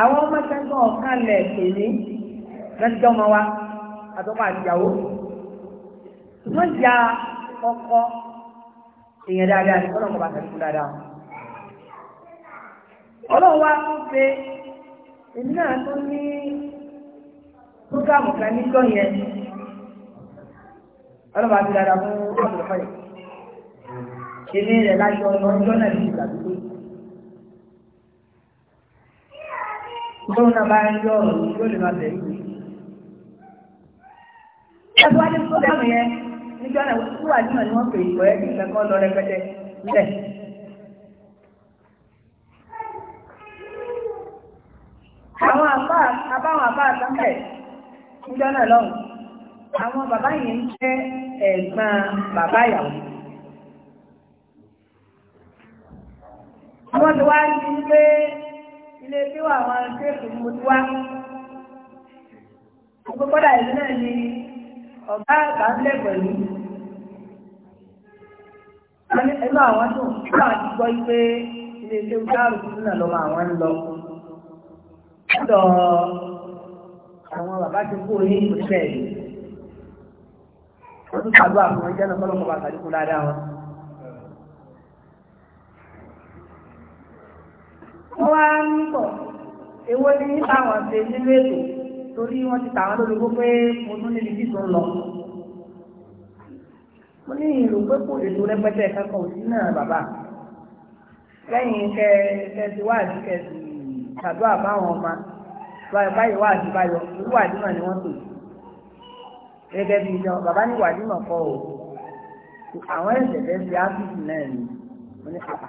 àwọn ọmọ tẹ́gbọ́n ọ̀kálẹ̀ èmi lọ́jọ́ ọmọ wa àtọ́kọ̀ àtìyàwó ṣùgbọ́n ìyá ọkọ èèyàn dáadáa ní ọlọ́run bá tẹ̀lé fún dáadáa ọlọ́run wa tún ṣe èmi náà tún ní prógámù kan níjọ́ yẹn ọlọ́run bá ti dáadáa fún ọdún ọ̀fẹ́ yìí èmi rẹ̀ ọjọ́ náà ní ìgbà tó bóun náà bá ń yọ ọ̀rọ̀ yóò lè máa bẹ̀rù mi. ẹgbẹ́ wájú tó dáhùn yẹn níjọ́ náà tó wà nímọ̀ ni wọ́n pè é pẹ̀lú ìfẹ́kọ́ lọ rẹpẹtẹ nílẹ̀. àwọn àbá àbáwọn àbá àtàkẹ́ níjọ́ náà lọ́hùn àwọn bàbá yìí ń jẹ́ ẹ̀gbọ́n bàbá ìyàwó. wọ́n ti wá rí i pé ilé tí wà wọn ṣéèkì mo ti wá. Àgbẹ̀kọ́dà ìlú náà ni ọ̀gá àgbà ń lẹ̀ pẹ̀lú. Ẹnu àwọn tó ń ti gbọ́ pé ilé tí ó dárò sí náà lọ́mọ àwọn ń lọ. Lọ́dọ̀ àwọn bàbá ti kú orí ìpínlẹ̀ yìí. Wọ́n tún ṣàdúrà fún ọjọ́ náà kọ́lọ́kọ́ bàtà ní kú dáadáa wọn. wọ́n wá ń tọ̀ ewé ní táwọn ṣe nínú ètò torí wọ́n ti tàwọn lórí pé mo tún níbi tí tó lọ. mo ní ìrò pé kò ètò rẹpẹtẹ kankan òsì náà bàbá lẹ́yìn kẹ kẹsì wáàdì kẹsì ṣàdúrà báwọn ọmọ báyìí wáàdì báyọ irú wáàdì náà ni wọ́n tò gẹ́gẹ́ bí ìjọ bàbá ní wáàdì náà kọ́ o àwọn ẹ̀sẹ̀ fẹ́ fi áfíìsì náà ni mo ní pàpà.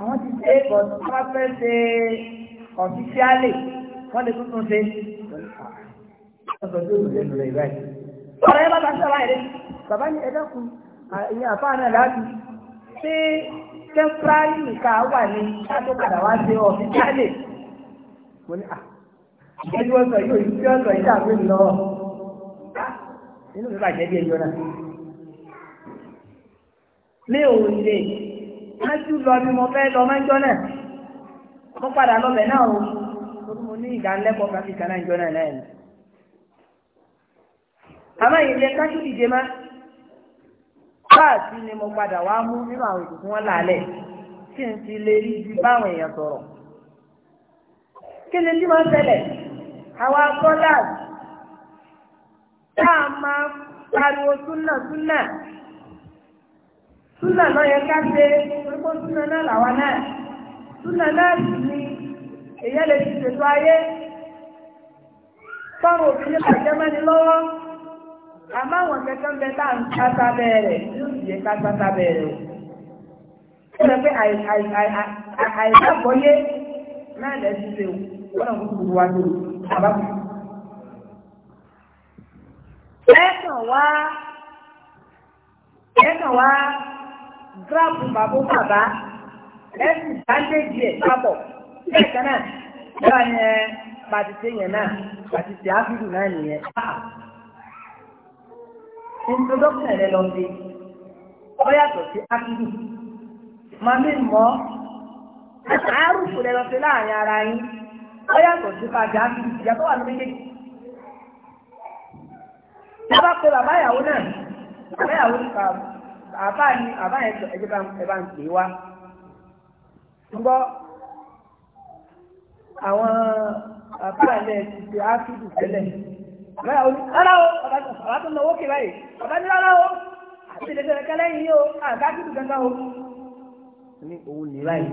àwọn ti ṣe é bọ̀ tí wọ́n fẹ́ ṣe ọ̀fíṣíálì wọ́n lè tuntun ṣe. ọ̀rọ̀ yẹn bá ta sára yẹn bàbá ní ẹ dákun ìyẹn àfáà náà láti ṣé tẹ́ńpárì nìkan wà ní ṣáàtó padà wá ṣe ọ̀fíṣíálì. mo ní à ẹni wọ́n sọ yóò yí ọ̀sọ̀ yìí dàbí lọ nínú mi bàjẹ́ bí ẹjọ́ náà. mi ò lè mẹ́tù lọ bí mo fẹ́ lọ mẹ́jọ náà mo padà lọ́bẹ̀ náà o mo ní ìdánilẹ́kọ̀ọ́ kan kíkan náà ìjọ náà náà ni. àmọ́ ìyẹn káṣí má ni mo padà wá mú nínú àwọn lálẹ́ kí n ti lè rí ibi a máa súnà náà yẹ ká ṣe orúkọ náà làwa náà súnà náà sì ni èyí lè ṣètò ayé fáwọn òfin ní bàjẹ́ mẹ́ni lọ́wọ́ àmọ́ àwọn kẹ̀kẹ́ ń bẹ tá à ń kásá yóò yẹ ká kásá ó lọ pé àìsàbọ̀yé náà ti ṣe wọ́n wá lórí wá wá. gíráàpù bàbá bàbá lẹ́sìn báńdéjì ẹ̀ papọ̀ lẹ́ẹ̀kan náà nígbà yẹn pàtìsẹ́ yẹn náà pàtìsẹ́ áfíìkù náà nìyẹn. introduction rẹ lọ sí ọ sí áfíìkù màmí mọ́ àárùkù rẹ lọ sí láàrin ara yín sí ìyàtọ̀ wà lórí pe bàbá ìyàwó náà, bàbá ìyàwó ti pa àbá ni àbá yẹn ẹjẹ bá ẹ bá ń pè wá ń bọ́ àwọn àbá ilẹ̀ ti ṣe áfíìdù tẹ́lẹ̀ báyà ó ní rárá o bàbá tó lọ wókè báyìí bàbá ní rárá o àti ìdẹ́gbẹ̀rẹ̀ kẹlẹ́ yìí o àgbà áfíìdù kankan o ní òun ní báyìí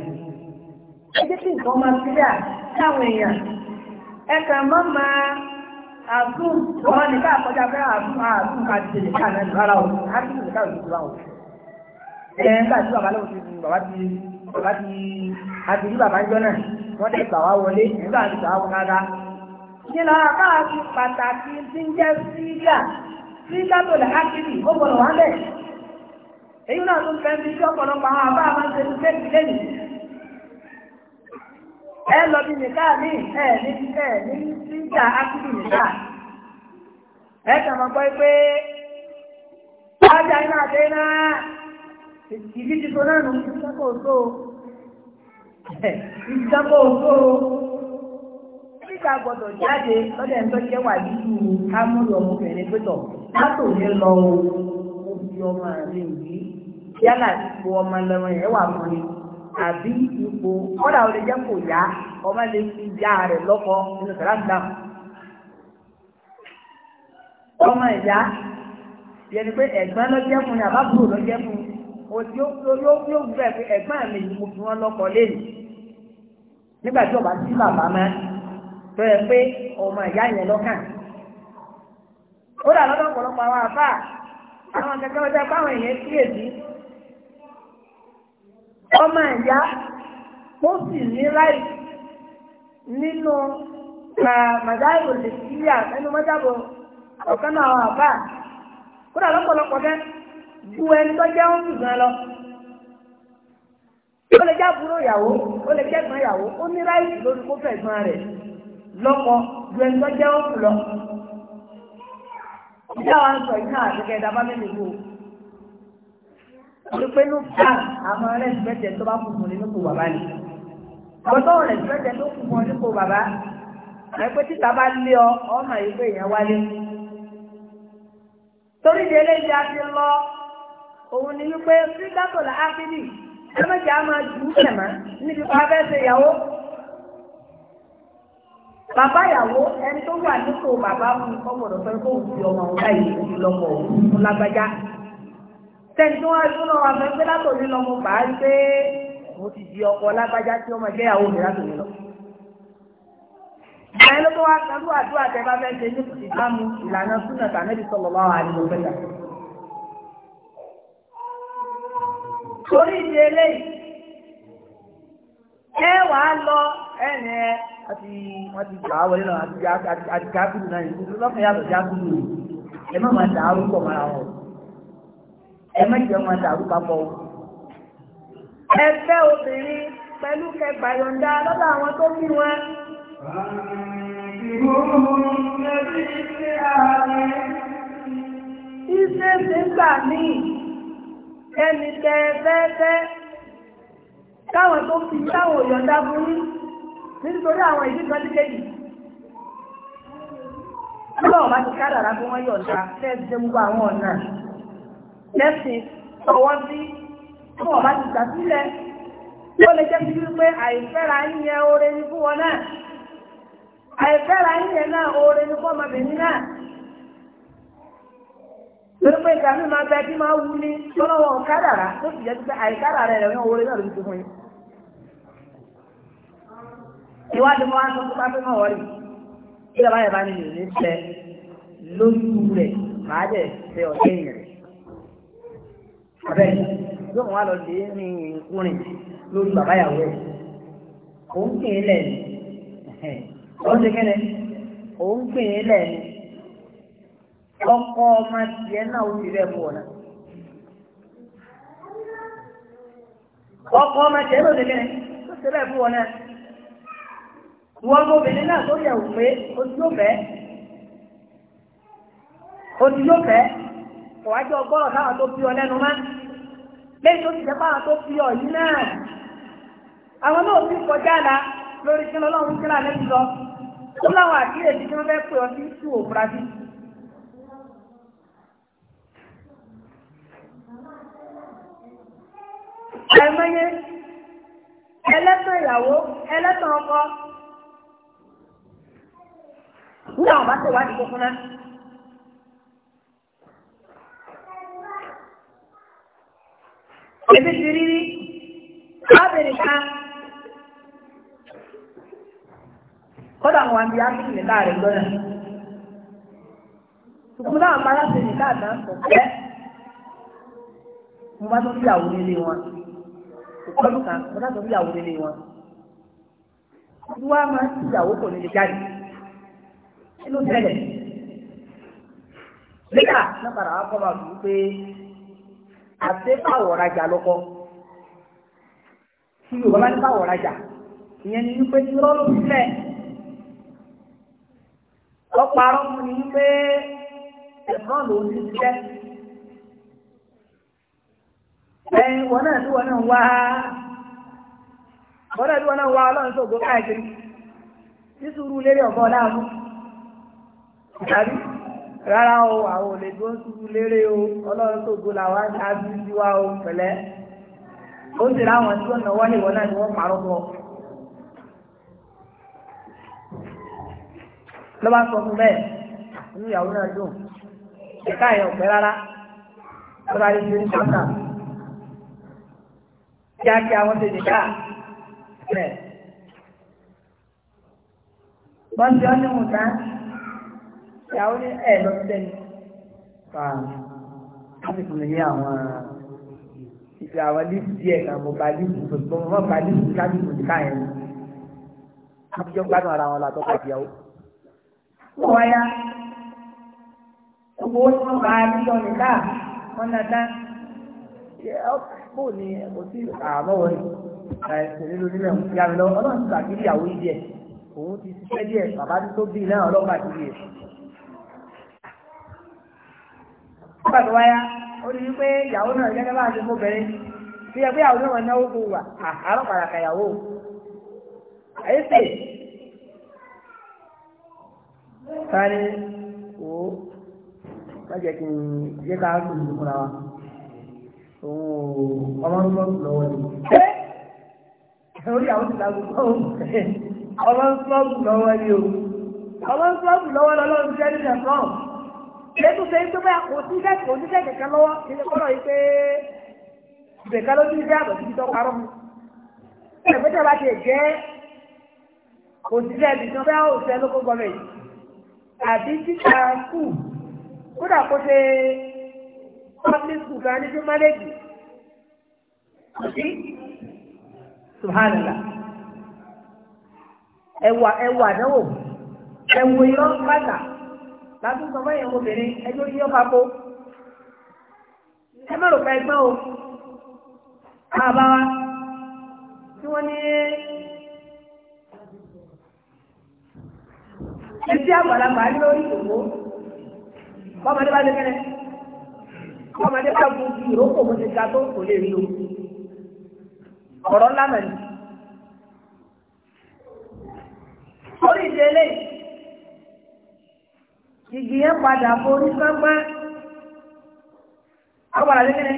ẹ jẹ́ kí nǹkan máa fi dà táwọn èèyàn ẹ kàn máa máa àbú ọ̀rọ̀ nìkan àkọjá pé àbú kàdìdì nìkan náà rárá o àbú nìkan ò ti wá o. ẹ nígbà tí bàbá lóun ti fi bàbá ti bàbá ti àti ní bàbá jọ náà wọ́n ti gbà wá wọlé nígbà tí gbà wá wọlé rárá. ní lára káà fi pàtàkì ti ń jẹ́ sígà sígà tó lè hákìlì ó gbọ́dọ̀ wá bẹ̀. èyí náà tún fẹ́ fi sí ọ̀pọ̀lọpọ̀ àwọn àbá ẹ lọ bí nìká mi ẹ ní ẹ ní síjà ákìlì nìká ẹ kàn gbọ́ pé ọjà iná àti iná so náà nù ìdíjákọ̀ òṣó ìdíjákọ̀ òṣó nígbà gbọdọ̀ jáde lọ́dẹ̀ ń tọ́jú ẹwà yìí ká mú ọmọ obìnrin pẹ̀tọ̀ ọmọ rẹ̀ yìí yálà àbí ipò kódà ó lè jẹ́ kò yá ọmọ lè fi ìyá rẹ̀ lọ́kọ nínú sàlámùdà ọmọ ìyá yẹni pé ẹ̀gbọ́n ló jẹ́ fún ni àbábùrò ló jẹ́ fún o tí ó yóò yóò gbẹ pé ẹ̀gbọ́n mi mo fi wọn lọ́kọ lẹ́nu nígbà tí ọba sí bàbá mọ́ tó yẹ pé ọmọ ìyá yẹn lọ́kàn kódà lọ́dọ̀ ọ̀pọ̀lọpọ̀ àwọn àfà àwọn akẹ́kẹ́ wọ́n jẹ́ èèyàn kíyèsí ọmọ ìyá ó sì ní láì nínú màdáìbò lè sí àtẹnu mọ́jábọ̀ ọ̀kan náà àwọn àbá kódà lọ́pọ̀lọpọ̀ gẹ́ ju ẹni tó jẹ́ ń sùn gan lọ. ó lè jẹ́ àbúrò ìyàwó ó lè jẹ́ ẹ̀gbọ́n ìyàwó ó ní láì lórí kó fẹ́ ẹ̀gbọ́n rẹ̀ lọ́kọ ju ẹni tó jẹ́ ń sùn lọ. ìyá wa sọ ìyá àti kẹ̀dá bá mẹ́lẹ̀ wò ó wípé ní ká àwọn rẹ́sìpẹ́tẹ̀ tó bá kù fún ní nípò bàbá ni ọ̀tọ́ rẹ́sìpẹ́tẹ̀ tó kù fún nípò bàbá ẹgbẹ́ títa bá lé ọ ọmọ yìí pé èèyàn wálé torí di eléyìí a ti lọ òun ni wípé fídàtò là á fi nì ẹgbẹ́jì á máa jù ú tẹ̀mọ́ níbi pa fẹ́ ṣe ìyàwó bàbá ìyàwó ẹni tó wà nípò bàbá fún ọgbọ̀dọ̀ fẹ́ kó fi ọmọ òun láyé tẹ́ni tí wọ́n lọ látòlí lọ mo mo ti di ọkọ lágbájá tí ọmọ ẹgbẹ́ ìyàwó mi látòlí lọ. Ìgbà ló àdúrà tẹ bá fẹ́ ṣe ní ìbámu ìlànà súnà Torí ìdí eléyìí, ẹ lọ ẹnì ẹ àti wọ́n ti gbà á wọlé náà àti náà ẹ mẹ́jọ máa dàrú papọ̀ o. ẹ fẹ́ obìnrin pẹ̀lú kẹgbà yọ̀ǹda lọ́dọ̀ àwọn tó bí wọn. Iṣẹ́ ti gbà mí ẹnì kẹfẹ́fẹ́ káwọn tó fi táwọn yọ̀ǹda burú nítorí àwọn ìdí kan díkejì. Lọ́wọ́ bá ti kádàrá bí wọ́n yọ̀ǹda fẹ́ẹ́ ti gbogbo àwọn ọ̀nà lẹ́sìn ọwọ́ sí fún ọ̀bá ti gbà sílẹ̀ ó lè jẹ́ sí pé àìfẹ́ra yín yẹn oore ni fún wọn náà àìfẹ́ra yín yẹn náà oore ni fún ọmọbìnrin náà torí pé ìgbà mi máa bẹ kí máa wú ní lọ́wọ́ kádàrá tó sì jẹ́ pé àìkádà rẹ̀ rẹ̀ oore náà ló ti fún yín. ìwádìí mo wá sọ fún pápẹ́ náà wọ́ọ̀rì ilé báyìí bá ní ìrìn ní sẹ lójú rẹ̀ máa dẹ̀ fẹ́ ọ̀sẹ̀ yẹn abẹ́ni yóò wá lọ lé ní ìkúrin lórí bàbá ìyàwó ẹ̀ òun kì í lẹ̀ ní ọ̀hún ṣe kẹ́lẹ̀ òun kì í lẹ̀ ní ọkọ ọmọ tiẹ̀ náà ti rẹ̀ fún ọ̀nà. ọkọ ọmọ tiẹ̀ náà ó ó ti rẹ̀ fún ọ̀nà. wọ́n ọmọbìnrin náà tó yẹ̀ wò pé ojú yóò fẹ́ ojú yóò fẹ́ kò wá jọ gbọ́rọ̀ táwọn tó fi ọ lẹ́nu má lẹ́yìn tó ti jẹ́ fáwọn tó fi ọ yìí náà àwọn náà ti kọjá la lórí kí lọ́lọ́run kí lálẹ́ ti lọ ó láwọn àkíyèsí kí wọ́n fẹ́ pè ọ sí sí òfurá sí. ẹ̀mọ́yé ẹlẹ́tàn ìyàwó ẹlẹ́tàn ọkọ nígbà wọn bá tẹ̀wádìí kókó náà. ebi ti rí rí lábẹ́rẹ́ ká kọ́dà wọn àbí ákìlì nìka rẹ̀ gbọ́dọ̀ tukun náà máa láti nìka àná ọ̀pẹ́ mo bá tó fi àwọn ilé wọn ìkọlù kan mo bá tó fi àwọn ilé wọn tí wọ́n á máa ti ìyàwó kò ní lè jáde inú tẹ́lẹ̀ nígbà náà padà wá kọ́ máa dùn pé. àti báwọ̀ rajà lọ́kọ́ tí yorùbá bá ní báwọ̀ rajà ìyẹn ni wípé irọ́ ló sílẹ̀ ọ̀parọ́ mu ni wípé ẹ̀fọ́ ló ti sílẹ̀ ẹ̀yin wọn náà tí wọn náà wá wọn náà tí wọn náà wá ọlọ́run tó gbó káàkiri sísúrú lérí ọ̀bọ láàmú tàbí. rárá o àwọn ò lè tó ṣubú léré o ọlọ́run tó gbó làwọn á dá bí sí o pẹ̀lẹ́ ó sì ráwọn tí wọ́n náwó ìwọ náà ni wọ́n parọ́ bọ̀. ló sọ fún bẹ́ẹ̀ inú ìyàwó náà dùn ẹ̀ka ẹ̀yàn ọ̀pẹ rárá ló rí sí ní kọ́ńtà kíákíá wọ́n ti dìgbà bẹ́ẹ̀. bọ́sì ọ́ ìyàwó ní ẹ̀ lọ sí ẹni láti fún mi ní àwọn ìfẹ́ àwọn lífù díẹ̀ kan mo ba lífù gbogbo mo ba lífù láti fún mi káyẹn àbújọ gbádùn ara wọn látọ́ pàdé ìyàwó. wọ́n wá yá gbogbo tí wọ́n bá bílọ̀ nígbà wọ́n náà dá bó ni kò sí àmọ́wọ́ rẹ̀ kò nílò nílẹ̀ ń fi àmì lọ ọlọ́run ti gbàgbé ìyàwó yìí díẹ̀ òun ti ṣiṣẹ́ díẹ̀ bàbá tó bí nígbà wáyá ó ní wípé ìyàwó náà gẹ́gẹ́ bá ti mú obìnrin tí ẹ pé náà náwó kó wà àárọ̀ pàràkà ìyàwó àyíṣe sáré wò ó kí n yé ká kú ìlú fúnra wa òun ò ọmọ ń bọ́ lọ́wọ́ ni. orí àwọn ti dàgbò kọ́ ọmọ ń bọ́ lọ́wọ́ ni o ọmọ ń bọ́ lọ́wọ́ lọ́wọ́ ti jẹ́ nígbà kan. ètò ṣe ń pẹ́ kò sí sẹ́ẹ̀kì oníṣẹ́ kẹ̀kẹ́ lọ́wọ́ ilé kọ́lọ̀ yìí pé ìbẹ̀kẹ́ ló ní iṣẹ́ àbọ̀ títí tọ́ parọ́ mu. ẹ̀fẹ́tẹ̀ bá ti jẹ́ òṣìṣẹ́ ibi tí wọ́n fẹ́ òṣìṣẹ́ àbí kù kódà kó ṣe public school kan ní subhanallah láti sọ fẹ́yìn obìnrin ẹjọ́ yí ọ́ papò ẹ má rò pé ẹgbẹ́ o bàbá wa tí wọ́n ní etí àgbàlagbà ní lórí ìdòwò kọ́mọdé bá dékẹ́lẹ́ kọ́mọdé bá bu ìrókò mo ti ga tó kò lè rí ọ̀rọ̀ ńlá mẹ́rin. orí ìdílé yìí. igi yẹn padà forí sánpẹ́ ọ̀padà lílé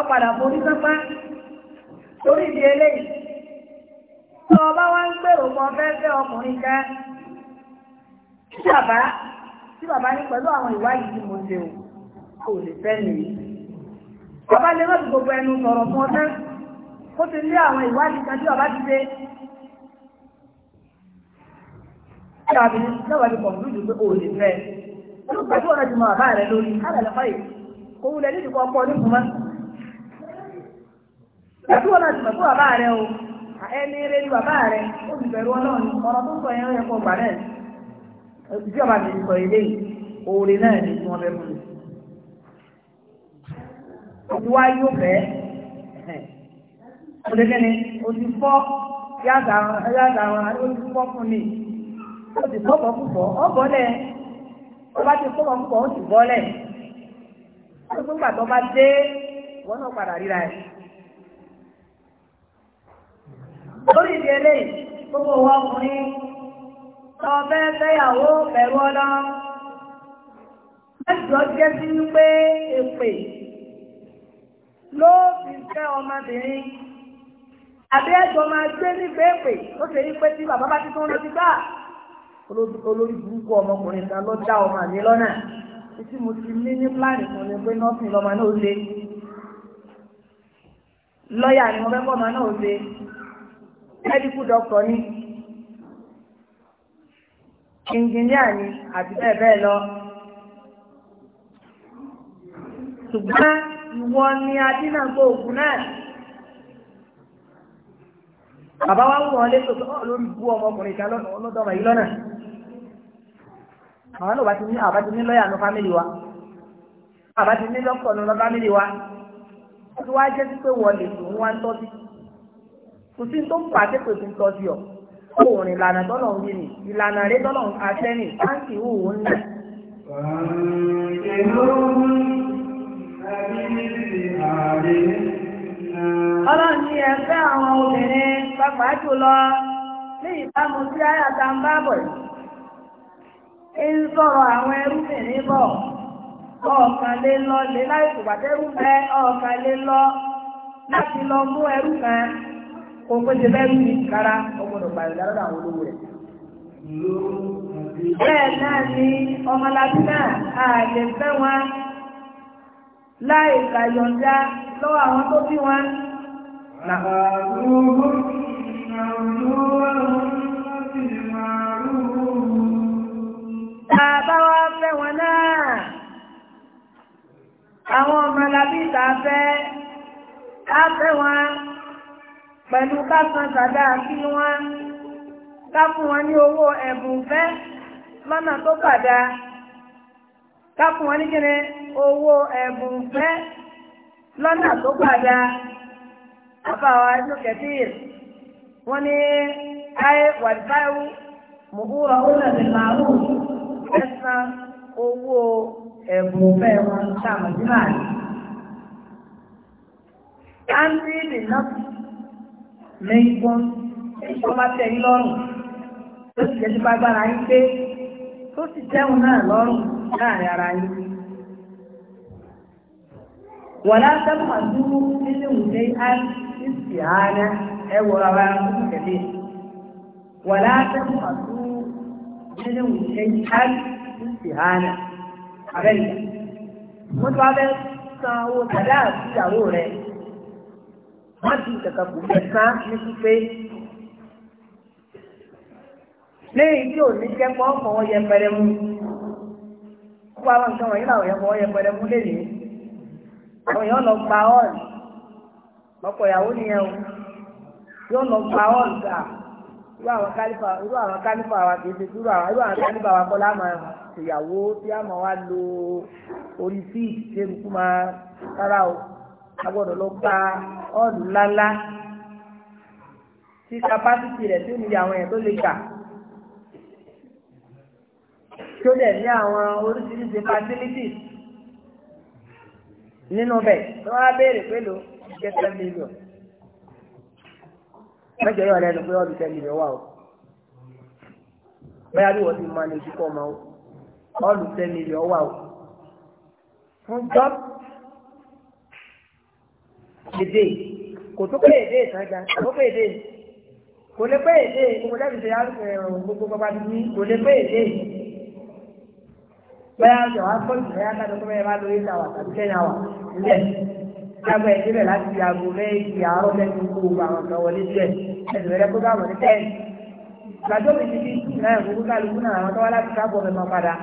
ọ̀padà forí sánpẹ́ torí ìdí eléyìí tó ọba wá ń gbèrò kan fẹ́fẹ́ ọkùnrin ká tí bàbá tí bàbá ní pẹ̀lú àwọn ìwádìí tí mo ṣe o kò lè fẹ́ nìyí bàbá lè gbogbo ẹnu sọ̀rọ̀ fún ọtẹ́ ó ti lé àwọn tí a fi lọ́wọ́ ti kọ̀ọ̀dù jù pé o lè fẹ́ ọdún pẹ̀lú ọ̀rọ̀ ti mọ àbá rẹ lórí alẹ́lẹ́ kò wulẹ̀ ní ìdíkọ̀ ọkọ̀ ní kùmá pẹ̀lú ọ̀rọ̀ ti mọ̀ fún àbá rẹ o ẹni eré ni bàbá rẹ ó ti bẹ̀rù ọlọ́run ọ̀rọ̀ tó sọ yẹn yẹ gbà náà ìdí ó ti bọ́ bọ́ púpọ̀ ó bọ́lẹ̀ ó bá ti bọ́ bọ́ púpọ̀ ó ti bọ́lẹ̀ ó tún gbà tó bá dé wọn náà padà ríra ẹ̀. lórí ìdí eléyìí gbogbo wa ọkùnrin tó fẹ́ fẹ́yàwó pẹ̀lú ọlọ́ mẹ́jọ jẹ́ sí wípé èpè ló fi fẹ́ ọmọbìnrin àbí ẹ̀jọ̀ máa gbé nígbèpè ó ṣe ní pé tí bàbá bá ti tún rántí báà olórí burúkú ọmọkùnrin kan ló dá ọmọ àlè lọ́nà títí mo ti ní ní pláàni kan ní pé nọ́ọ̀sì lọ́mọ náà ṣe lọ́ọ̀yà ni mo fẹ́ kọ́ ọmọ náà ṣe mẹ́díkù dọ́kítọ̀ ni ìngìníà ni àti bẹ́ẹ̀ bẹ́ẹ̀ lọ ṣùgbọ́n ìwọ ni adínàgbò ògùn náà bàbá wa ń wọlé tó lórí bú ọmọkùnrin kan lọ́dọ̀ ọmọ yìí lọ́nà àwọn náà bá ti ní àbá ti ní lọ́yà nu fámìlì wa àbá ti ní lọ́kọ̀ nu fámìlì wa tí wàá jẹ́ pé wọ́n lè sùn wá ń tọ́sí kò sí tó ń pa àtẹ́kọ̀ọ́ sí ń tọ́sí ọ̀ òun ìlànà tọ́lọ̀ ń yìí ìlànà rẹ tọ́lọ̀ ń àṣẹ ní báńkì òwò ń nà. ọlọ́run ní ẹgbẹ́ àwọn obìnrin pàpàá jùlọ ní ìbámu sí àyàtà ń bá bọ̀ yìí. ń àwọn ẹrúbìnrin bọ̀ ọ̀ọ̀kanlélọ́ lè láì kòbàtẹ́rù láti lọ mú ẹrú kan kò péjẹ bẹ́rù ní kára ọgbọ̀dọ̀ gbàyọ̀dá lọ́dọ̀ àwọn olówó rẹ̀. bẹ́ẹ̀ náà ni ọmọlábí náà ààyè fẹ́ Bàbá wa fẹ́ wọn náà. Àwọn ọmọ làbí ìta fẹ́. Ká fẹ́ wọn pẹ̀lú ká san sàdá sí wọn. Ká fún wọn ní owó ẹ̀bùn fẹ́ lọ́nà tó kàdá. Ká fún wọn ní kíni owó ẹ̀bùn fẹ́ lọ́nà tó kàdá. Bàbá wa ló kẹ̀kẹ́ wọ́n ní ayé wàdìbáyé mùkúrọ̀ ó lẹ̀ lè máa wù. fẹ́ owó ẹ̀bùn fẹ́ wọn sáàmù sí máa ní. na lè ná mẹ́gbọ́n tó bá tẹ̀ yín lọ́rùn tó sì jẹ́ sí gbágbára yín pé tó sì náà lọ́rùn láàrin ara nínú ìṣẹ́yìnká ìhánà abẹ́yìn wọ́n tó abẹ́ san owó tàdá àti ìyàwó rẹ̀ wọ́n ti kàkà kù bẹ̀ sán ní pípé lẹ́yìn tí ò ní jẹ́ pọ́ fọwọ́ yẹpẹrẹ mú kó àwọn nǹkan wọ̀nyí làwọn yẹn fọwọ́ yẹpẹrẹ mú lẹ́yìn àwọn èèyàn lọ gba ọ́ọ̀lù ọkọ̀ ìyàwó nìyẹn o yóò lọ gba ọ́ọ̀lù dáa irú àwọn kálífà irú àwọn kálífà wa kì í ṣe irú àwọn irú àwọn kálífà wa kọ́ láàmà ṣèyàwó tí a máa wá lo orí fíìd ṣe kú máa rárá o a gbọ́dọ̀ lọ gba ọ́ọ̀lù ńláńlá tí kapásítì rẹ̀ tí ó níyà àwọn èèyàn tó lè gbà tí ó dẹ̀ ní àwọn oríṣiríṣi facilities nínú bẹ̀ tí wọ́n á béèrè pé lo ìjẹ́ ten million mẹ́jọ yóò lẹ́nu pé ọdún tẹ́lẹ̀ yẹn wà o bẹ́ẹ̀ ni wọ́n ti máa ní kíkọ́ ọmọ o ọdún tẹ́lẹ̀ yẹn wà o fún job èdè kò tó pé èdè ìtajà kò pé èdè kò lè pé èdè kò lè fi àrùn gbogbo bàbá ti ní kò lè pé èdè bẹ́ẹ̀ àjọ akọ́jú bẹ́ẹ̀ akájọ tó bẹ́ẹ̀ bá lórí ìtawà tàbí kẹ́yìn àwà nílẹ̀ lágbẹ̀ẹ́ síbẹ̀ láti yàgò bẹ́ẹ̀ ìyàrá ọ̀lẹ́ni gbogbo àwọn kan wọlé sílẹ̀ ẹ̀dùnrẹ́ kó dáàbò ní tẹ́ẹ̀lì gbàdó mi ti fi náà gbogbo kálukú náà àwọn tọ́wọ́ láti ká bọ́ọ̀mù ẹ̀mọ́ padà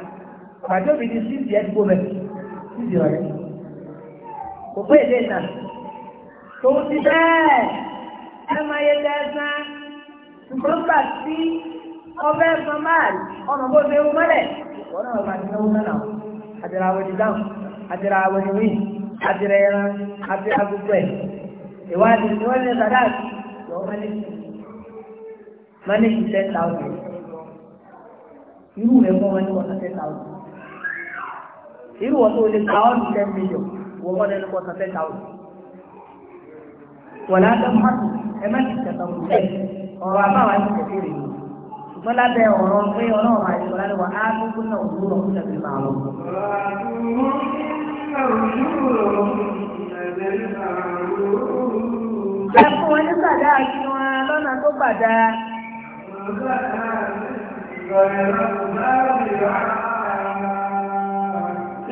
gbàdó mi ti sí ìdí ẹ̀ gbogbo ẹ̀ sí ìdí ọ̀rẹ́ kò pé èdè náà tó ti bẹ́ẹ̀ ẹ máa yẹ lẹ́sán ṣùgbọ́n gbà sí ọbẹ̀ ẹ̀sán máàlì ọ̀nà bó ṣe wú mọ́lẹ̀ wọ́n náà máa ti náwó náà àdìrà àwọn ìdáhùn àdìrà àwọn ìwé àdìrà ẹran àdìrà gbogbo ẹ̀ ìwádìí ni wọ́n lè sàdáàkì lọ mẹ́lẹ́jì mẹ́lẹ́jì ten thousand irú rẹ̀ mọ́ wọn ní wọ́n ten thousand irú wọn tó lè gba ọ́ọ̀dù ten million wọ́n wọ́n lẹ́nu kọ́ ten thousand wọ́n lá dán pàtó ẹ má ti tẹ̀sán kù bẹ́ẹ̀ ọ̀rọ̀ àbáwá ti tẹ̀sí rè é ṣùgbọ́n lábẹ́ ọ̀rọ̀ pé ọlọ́run àìsàn láti wà á gbogbo náà òwúrọ̀ fún ẹ̀mí máa lọ. ẹ fún wọn ní sàdá àti wọn lọ́nà tó gbàdá.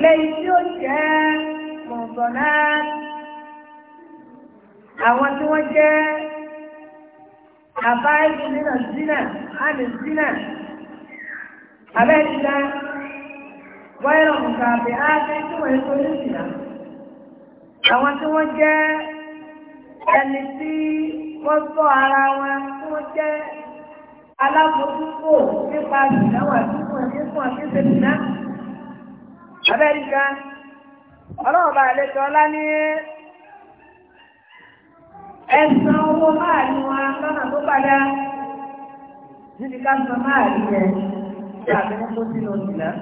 lẹ́yìn tí ó jẹ́ àwọn tí wọ́n jẹ́ àbá zina àmì zina tí wọ́n ní àwọn tí wọ́n ẹni tí wọ́n sọ ara wọn tí wọ́n jẹ́ alábòójútó nípa ìdáwà tí wọ́n ti fún ọtí ṣe dìná. Abẹ́ríkà, ọlọ́run bá àlejò ọlá ní ẹ̀sán owó máàlú wa lọ́nà tó padà níbi ká sọ máàlú yẹn tí àbẹ̀wò kó sínú ìlànà.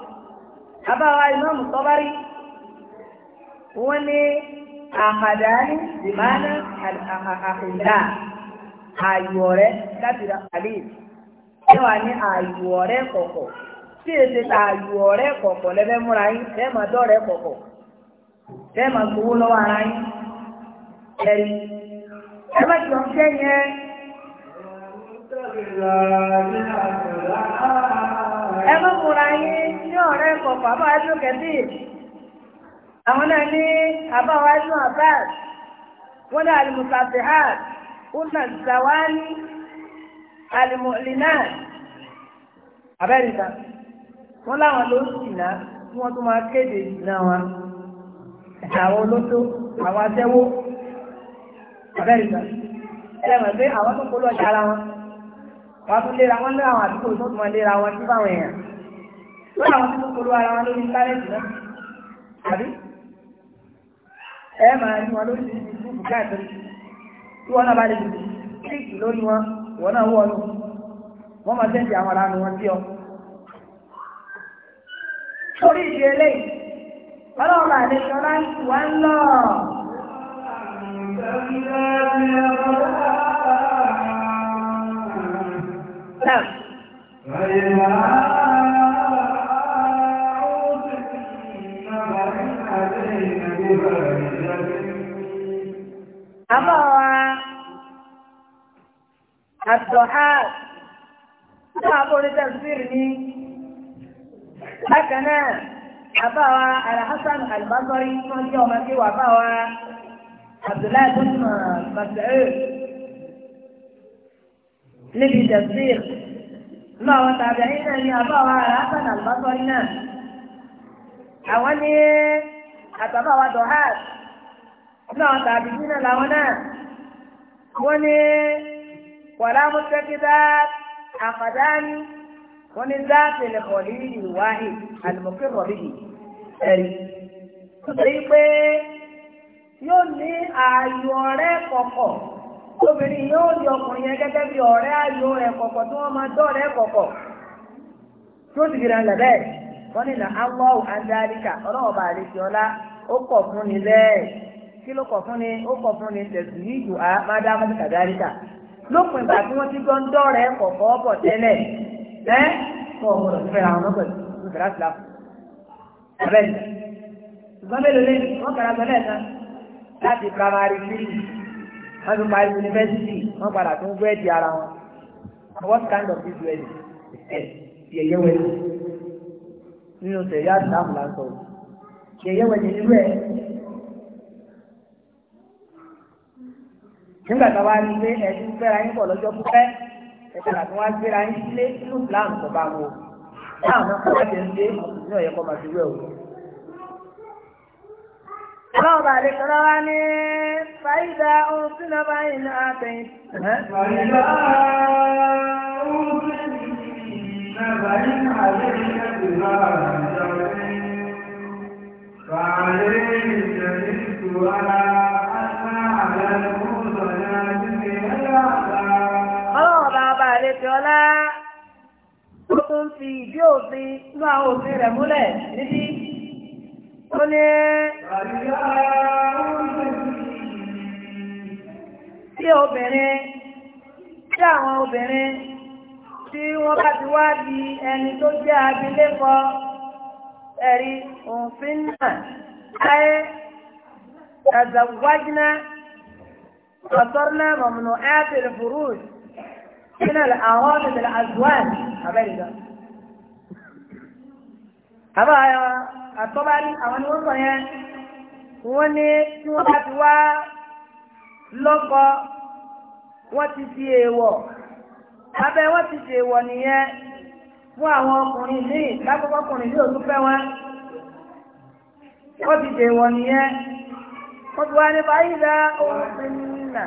abáwa ìmáàmù tọ́bárí wọ́n ní àhàdáni ìmáàná àhìndá ààyò ọ̀rẹ́ láti ra àlè yóò wá ní ààyò ọ̀rẹ́ kọ̀kọ̀ tí èsì ta ààyò ọ̀rẹ́ kọ̀kọ̀ lẹ́fẹ́ múra yín lẹ́ẹ̀ máa dọ́ọ̀rẹ́ kọ̀kọ̀ lẹ́ẹ̀ máa gbowó lọ́wọ́ ara yín ẹ̀rí ẹ má jọ ń fẹ́ yẹn ẹ má múra yín ní ọ̀rẹ́ kọ̀ọ̀kan bá wá dùn kẹ́bí àwọn náà ní àbáwá dùn abbas wọn náà alimusafihat una umm zawani alimulinat abẹ́rìndà wọn láwọn ló sì ná kí wọ́n tún máa kéde ìdìnnà wa àwọn olóṣó àwọn atẹ́wó abẹ́rìndà ẹlẹ́wọ̀n pé àwọn tó polówó ọjà ara wọn wọ́n tún léra wọn lé àwọn àdúgbò tó tún wọn léra wọn sí fáwọn èèyàn lọ́wọ́ àwọn tó tún polówó ara wọn lórí íńtánẹ́ẹ̀tì náà àbí ẹ máa ní wọn lórí ìfúnfún káàkiri tí wọn náà bá lè dùn kíkì lórí wọn ìwọ náà wọ ọdún wọn máa tẹ̀sí àwọn ará wọn sí ọ. torí ìdí eléyìí ọlọ́run àlejò láti wá ń lọ. نعم أمر الضحاك صعب لتفسيرني هكذا أبوى الحسن البصري يوم سوى أبوى عبد الله بن مسعود níbi tẹ̀síìr lọ àwọn tàbí ẹ̀yìn náà ní àbáwá hasan albasori náà àwọn ní àtàbáwá dohad lọ àwọn tàbí ẹ̀yìn náà làwọn náà wọ́n ní wàlá mùsẹ́kìdá àfàdání wọ́n ní dáàtì lẹ́kọ̀ọ́lì ìwáhì àlùmọ́kì rọ̀bìyì ẹ̀rí. Sọ pé yóò ní ààyò ọ̀rẹ́ kọ̀ọ̀kọ̀. obìnrin yóò di ọkùnrin yẹn gẹ́gẹ́ bí ọ̀rẹ́ ayò rẹ̀ kọ̀kọ̀ tí wọ́n máa dọ́ọ̀rẹ́ kọ̀kọ̀ sì wọ́n ní andarika ọlọ́wọ́ bá àlejò ọlá ó kọ̀ fún ni bẹ́ẹ̀ kí ló kọ̀ fún wọ́n fi parí yunifásitì wọ́n padà tún wẹ́ẹ̀dì ara wọn. what kind of this wedding? yẹ̀yẹ́ wedding. nínú sẹ̀yà sáàmù lásán yẹ̀yẹ́ wedding irú ẹ̀. nígbà tó wá ní pé ẹ̀sìn fẹ́ra yín pọ̀ lọ́jọ́ pípẹ́ ẹ̀sìn àti wá fẹ́ra yín sílé nínú plan tó bá wọ. táwọn náà kọ́ ẹ̀ ń dé ní ọ̀yẹ́kọ́ màdúró ẹ̀ wò. ọlọ́run bàdé kọ́lá wá ní. فإذا أوصل بين أبيت فإذا أوصل بين عليك بما فعليه الجليس على أسمع على المرسلات من الأحسان ọlọ́ọ̀bá bá lè fi ọlá ó tún fi ìdí òfin ní àwọn òfin rẹ̀ múlẹ̀ níbi ó ní. àríyá ó ń ṣe tí obìnrin tí àwọn obìnrin tí wọ́n bá ti wá di ẹni tó jẹ́ abilékọ ẹ̀rí òfin náà ayé ẹ̀zàwájúná ọ̀tọ́rọ́nà mọ̀mọ́nà ẹ́ẹ̀tẹ̀lẹ̀ fúrúùs nínú àwọn ọ̀tẹ̀lẹ̀ azuwan abẹ́rẹ́dọ́. àbá àtọ́bá ní àwọn ni wọ́n sọ yẹn wọ́n ní tí wọ́n bá ti wá lọ́kọ wọ́n ti di èèwọ̀ abẹ́ wọ́n ti di èèwọ̀ nìyẹn fún àwọn ọkùnrin míì lákòókò ọkùnrin ní òtún fẹ́ wọn wọ́n ti di èèwọ̀ nìyẹn wọ́n ti wá ní báyìí lá ohun ti nà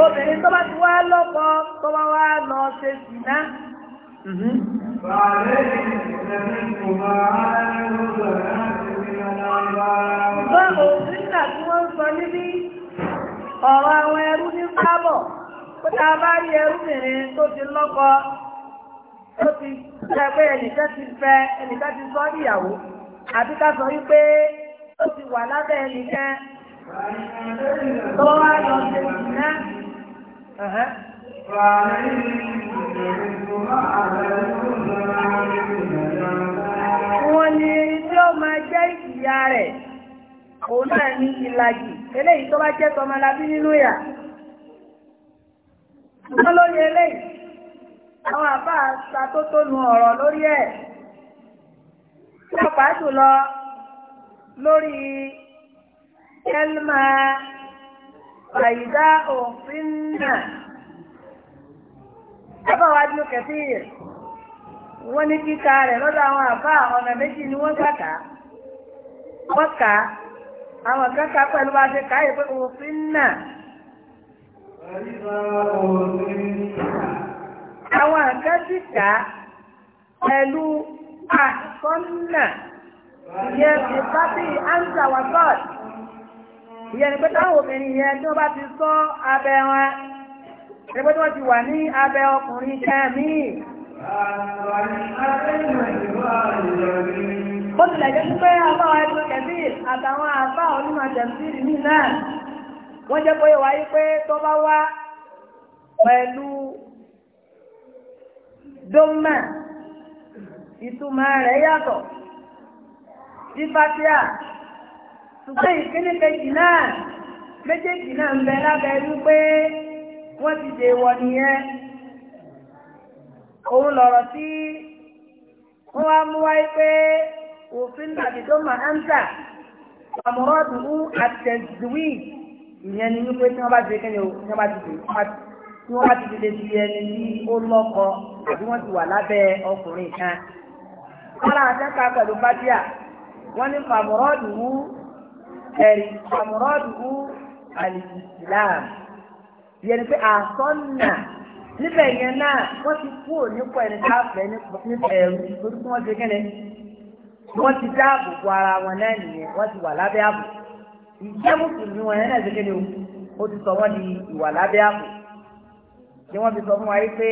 obìnrin tó bá ti wá lọ́kọ tó bá wá lọ ṣe sì ná. Bàálẹ̀ ìrìnàmí kò máa ń lọ́sọ̀rọ̀ náà. Bọ́ọ̀lù nígbà tí wọ́n ọ̀rọ̀ àwọn ẹrú ní sábọ̀, ó ta bá rí ẹrúbìnrin tó ti lọ́kọ, tó ti jẹ́ pé ti fẹ́ ẹnìkan ti sọ níyàwó, àbí ká sọ wípé ó ti wà lábẹ́ ẹnìkan tó wá lọ sí ìná. Wọ́n ní tí ó máa jẹ́ ìk ìyá rẹ̀ òun náà ní ìlàjì eléyìí tó bá jẹ́ tọmọlábí nínú ìyà wọ́n lórí eléyìí àwọn àbá ṣàtótónu ọ̀rọ̀ lórí ẹ̀ pàápàá jùlọ lórí ẹlmà àyíká òfin náà àbá wa dúró kẹfì wọ́n ní kíka rẹ̀ lọ́dọ̀ àwọn àbá ọ̀nà méjì ni wọ́n gbàgbà wọ́n kà á àwọn kan ká pẹ̀lú bá ṣe káyè pé òfin náà. àwọn kan sì kà á pẹ̀lú àkọ́nà ìyẹn fi pápí ansa wa god ìyẹn ni pé táwọn obìnrin yẹn tí wọ́n bá ti sọ abẹ́ wọn ni pé tí wọ́n ti wà ní abẹ́ ọkùnrin kan Àwọn àìsàn àti ìrìnàjò wà ó ti lẹ̀ jẹ́ pé afáwa ẹgbẹ́ kẹfí àtàwọn afá onímọ̀ tẹ̀síìrì mí náà wọ́n jẹ́ pé wáyé pé tó bá wá pẹ̀lú dómà ìtumọ̀ rẹ̀ yàtọ̀ sí fatia ṣùgbọ́n ìkíní kejì náà méjèèjì náà ń bẹ lábẹ́ wípé wọ́n ti dèwọ̀ nìyẹn òun lọ̀rọ̀ tí wọ́n wá mú wáyé pé òfin tàbí tó máa ń tà àmọ́rọ́dù ú àtẹ̀síwì ìyẹn ni wípé tí wọ́n bá ti ṣe kéde tí wọ́n bá ti ṣe tí wọ́n bá ti ṣe ti ẹni tí ó lọ́kọ àbí wọ́n ti wà lábẹ́ ọkùnrin kan. wọ́n láwọn sẹ́ka pẹ̀lú bájíà wọ́n ní fàmọ́rọ́dù ú ẹ̀rí fàmọ́rọ́dù ú àlìsílám ìyẹn ni pé àsọ́nà níbẹ̀ yẹn náà wọ́n ti kúrò nípò ẹni tá a fẹ́ nípa ẹ̀rù lórí tí wọ́n ṣe kéde wọ́n ti dáàbò bo ara wọn náà nìyẹn wọ́n ti wà lábẹ́ ààbò ìjẹ́ mùsùlùmí wọn yẹn náà ṣe kéde o ti sọ wọ́n di ìwà lábẹ́ ààbò ni wọ́n fi sọ fún wa yìí pé.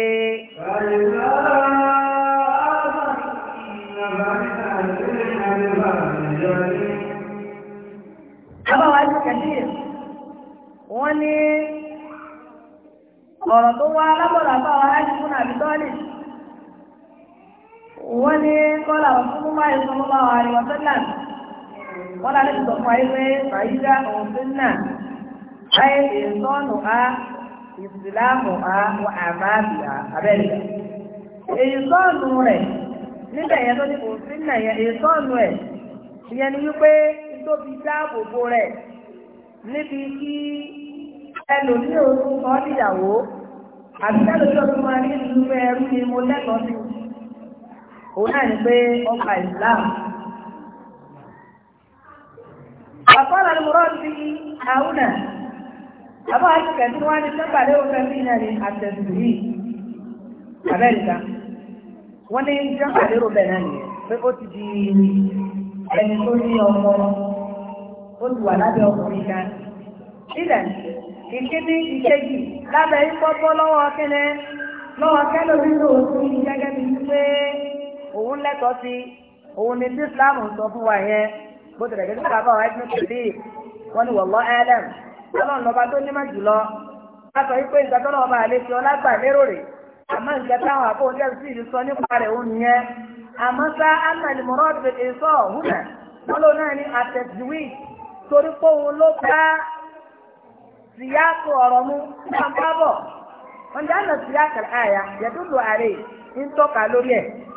Bàbá wa ti kẹ̀lé wọ́n ní ọ̀rọ̀ tó wá lábọ̀dọ̀ àbáwá láti fún àbítọ́lì wọ́n ní kọ́lá fún máa ń sọmọ́ máa wà ní wọ́n sọ́nà wọ́n lálẹ́ ìsọ̀ fún ayé pé fàyídá òun sí nà ayé ìsọ́nù á ìsìláàmù á wà àmáàbì á abẹ́rẹ́ èyí sọ́ọ̀nù rẹ̀ nígbà yẹn tó ní kò sí nà yẹn èyí sọ́ọ̀nù ẹ̀ ìyẹn ni wípé tóbi dáàbòbò rẹ̀ níbi kí ẹlòmíràn orúkọ níyàwó àbíkẹ́lòmíràn orúkọ ní ìlú ẹrú ni mo lẹ́tọ̀ọ́ sí òun náà ni pé ọkà ìsìláàmù. Àkọ́lá ni mo rọ́ sí àwùnà. Àbá àti kẹ̀sí wá ní sẹ́pà lé òfin bí náà ni àtẹ̀sù yìí. Abẹ́ǹta. Wọ́n ní sẹ́pà lérò bẹ̀ náà nìyẹn pé ó ti di ẹni tó ní ọmọ ó ti wà lábẹ́ ọkùnrin kan. Ilẹ̀ ìkíní ìkejì lábẹ́ ikọ́ lọ́wọ́ kẹ́lẹ́ lọ́wọ́ kẹ́lẹ́ orí lòókù gẹ́gẹ́ bí pé òun lẹ́tọ̀ọ́ sí òun ni tí Islam ń sọ fún wa yẹn bó tilẹ̀ gẹ́gẹ́ bàbá wa ẹgbẹ́ kìlì wọn ni ẹlẹ́m ọlọ́run lọ́ba tó ní a sọ wípé nǹkan tó lọ́ba àlejò ọlágbà lérò rè àmọ́ nǹkan táwọn àbò oúnjẹ sì ti sọ nípa rẹ̀ òun àmọ́ sá ọ̀hún wọ́n náà ní torí pé òun ló bá ọ̀rọ̀ mu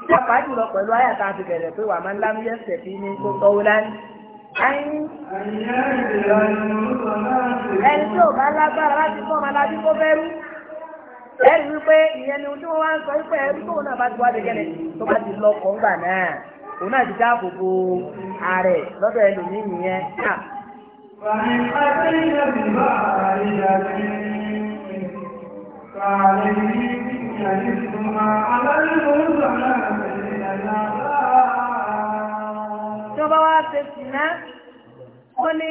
pàápàá jùlọ pẹ̀lú àyà tá a ti bẹ̀rẹ̀ pé wàá máa ń fi ní kó tọ́wó láyé. ẹni tí ò bá lágbára láti ọmọ kó wípé ìyẹn ni ojú wọn ń sọ wípé ẹ̀rí náà bá ti wá dégẹ́lẹ̀ tó bá ti lọ kọ́ ńgbà náà òun náà ti ààrẹ lọ́dọ̀ nìyẹn. bá ṣe sìnà wọ́n ní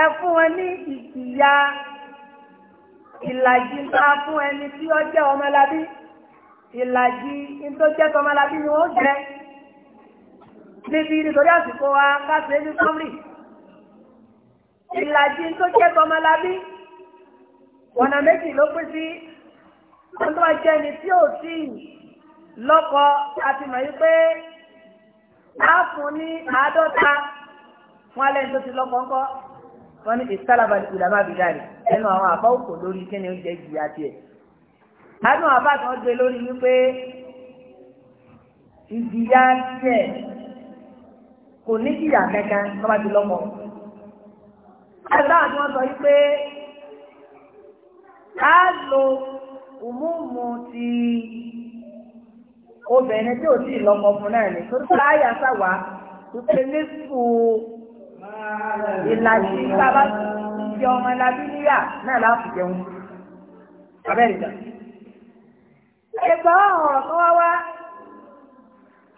ẹ fún wọn ní ìjìyà ìlàjì máa fún ẹni tí ó jẹ́ ọmọlábí ìlàjì tó jẹ́ ọmọlábí ni wọ́n jẹ́ níbi nítorí àsìkò wa káṣe ní sọ́mrì ìlàjì tó jẹ́ ọmọlábí ọ̀nà méjì ló pín sí wọ́n tó wá jẹ́ ẹni tí ò tí lọ́kọ àti mọ̀ yí á fún ní àádọ́ta wọn alẹ́ tó ti lọ́kọ̀ ńkọ́ wọn ní ìsálàbà ìdàmà bìdáàrí ẹnu àwọn àbá òkò lórí kíni oúnjẹ ìjìyà tiẹ̀. àánú àbá kan gbé lórí wípé ìjìyà tiẹ̀ kò ní jìyà kankan kọ́ bá ti lọ́mọ. àgbà tí wọ́n sọ wípé á lo òmùmù ti obìnrin tí ò sí ìlọ́mọ fún náà ni torí pé àyà sáwà wípé lẹ́sù ìlàjì sábà jẹ ọmọ ìlàjì níyà náà láti jẹun abẹ́rẹ́dà. ẹgbẹ́ ọ̀rọ̀ kan wá wá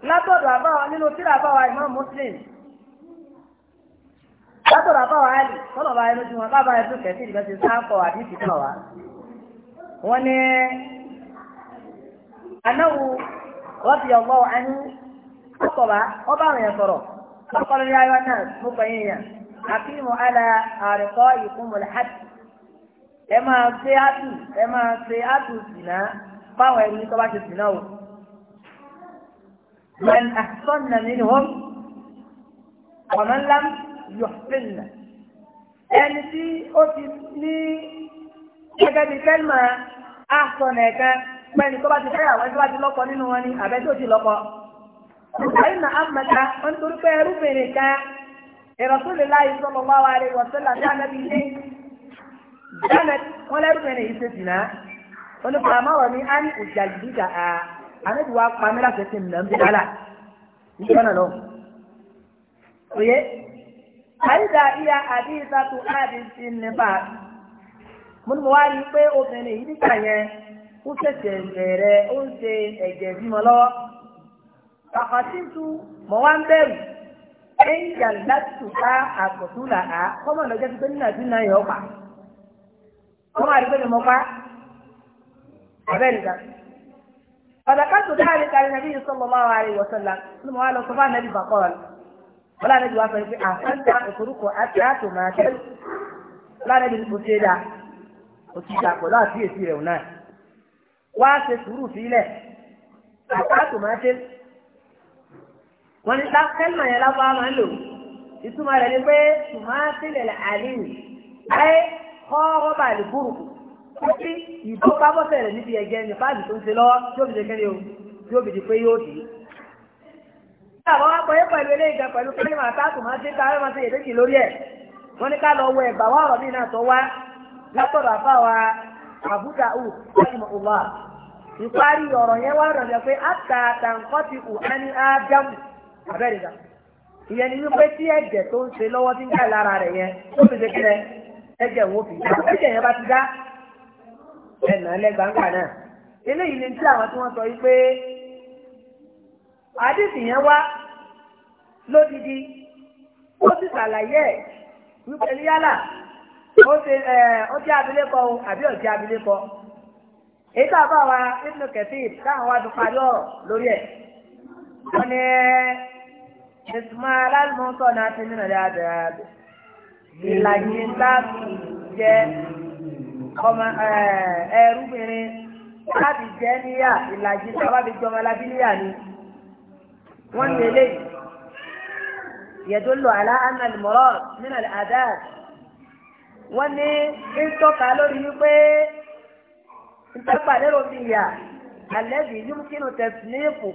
látọ̀dọ̀ àbáwá nínú tírà àbáwá Imam Muslim látọ̀dọ̀ àbáwá àlì tọ́lọ̀ bá ẹnu tí wọn bá bá ẹnu kẹ̀sí ìdíbẹ̀ ti sáńkọ̀ àdìsí náà wá. wọ́n ní anáwó rọ́bì ọlọ́ ẹni ọ̀sọ̀bá ọba àwọn èèyàn sọ̀rọ̀ ọkọ̀rọ̀ ní ayọ́ náà mo pè yín yàn àfihàn ala àrẹ̀kọ́ ìkúnmọ̀lẹ̀ hajj ẹ máa ṣe àtù ẹ máa ṣe àtù sìnà fáwọn ẹni tó bá ṣe sìnà o. من أحسن منهم ومن لم يحسن ẹni tí ó ti ní gẹ́gẹ́ bí kẹ́lìmọ̀ àṣọ nìkan pẹ́ni tó bá ti fẹ́ àwọn tó bá ti lọ́kọ nínú wọn ni àbẹ́ tó ti lọ́kọ. àyìnà amaka wọn torí pé ẹrúbìnrin kan Rasulullahi sallallahu alaihi wasallam dáná bíi dé dáná wọn lẹ́rúbìnrin yìí ṣe dìnnà wọn ni pàmò wọn ni àní òjà ìdíjà à àmẹ́bí wa pàmí láti ṣe nà ń bí dálà ìjọ́nà lọ. òye àyíjà ìyá àbí ìsàtú àdìsí nípa mo ní mo wá rí pé obìnrin yìí ó ṣẹ̀ṣẹ̀ bẹ̀rẹ̀ ó ń ṣe ẹ̀jẹ̀ bímọ lọ́wọ́ kàkàtìtù mọ̀ wá ń bẹ̀rù ẹ̀yà látù ká àgbọ̀tún là á kọ́mọ̀ lọ́jọ́ pípẹ́ nínú àti náà yọ̀ pa kọ́mọ̀ àdúgbò ni mo pa abẹ́rẹ́ ìgbà. فذكرت ذلك للنبي صلى الله عليه وسلم ثم قال صفا النبي فقال ولا نجي وافر في أحسنت wá ṣe sùúrù sílẹ̀ àtàtù máa ṣe. wọ́n ní ta kẹ́lìmọ̀ yẹn lápá máa ń lò ìtumọ̀ rẹ̀ ni pé tòmátì lẹ̀ àlìyìn ayé kọ́ọ́rọ́ bá lè burúkú títí ìdókábọ́sẹ̀ rẹ̀ níbi ẹ̀jẹ̀ ní fáàbì tó ń ṣe lọ́wọ́ tí ó fi ṣe kẹ́lẹ́ o tí ó fi di pé yóò dé. àwọn akọ̀yẹ́ pẹ̀lú eléyìí gan pẹ̀lú kẹ́lìmọ̀ àtàtù máa ṣe tààrẹ́ máa ṣe yèdèkì lórí ẹ̀ wọ́n ní ká lọ wọ ẹ̀bà wá ọ̀rọ̀ mí náà tọ́ wá látọ̀dọ̀ àfáwa ìparí ọ̀rọ̀ yẹn wá rọ̀lẹ́ pé àtàtà nǹkan ti hù á ní ádámù abẹ́rẹ́ dà ìyẹn ni wípé tí ẹ̀jẹ̀ tó ń ṣe lọ́wọ́ tí ń dà lára rẹ̀ yẹn ó fi ṣe kílẹ̀ ẹ̀jẹ̀ wo fi dá ẹ̀jẹ̀ yẹn bá ti dá ẹ̀nà ẹlẹ́gbàǹgbà náà eléyìí ni tí àwọn tí wọ́n sọ wípé àdìsí yẹn wá lódìdí ó sì ṣàlàyé ẹ̀ wípé yálà ó ṣe abilékọ o àbí ọ̀jẹ̀ abilékọ èyí tá a bá wa nínú kẹfí táwọn wa fi parí ọ̀rọ̀ lórí ẹ̀ wọ́n ní ìtumọ̀ aláìmọ̀tò náà ti nínú dáadáa ìlàjì láti jẹ ọmọ eh, ẹrúbìnrin láti jẹ níyà ìlàjì tó bá fi jọ ọmọ alábí níyà ni wọ́n ní eléyìí yẹ̀dọ́lọ̀ àlá ànàlùmọ́rọ̀ nínú àdáà wọ́n ní ń tọ́ka lórí wípé. ìtẹ́gbà lérò bí ìyá àlẹ́bí yúmkínú tẹ̀sílẹ́ẹ̀fù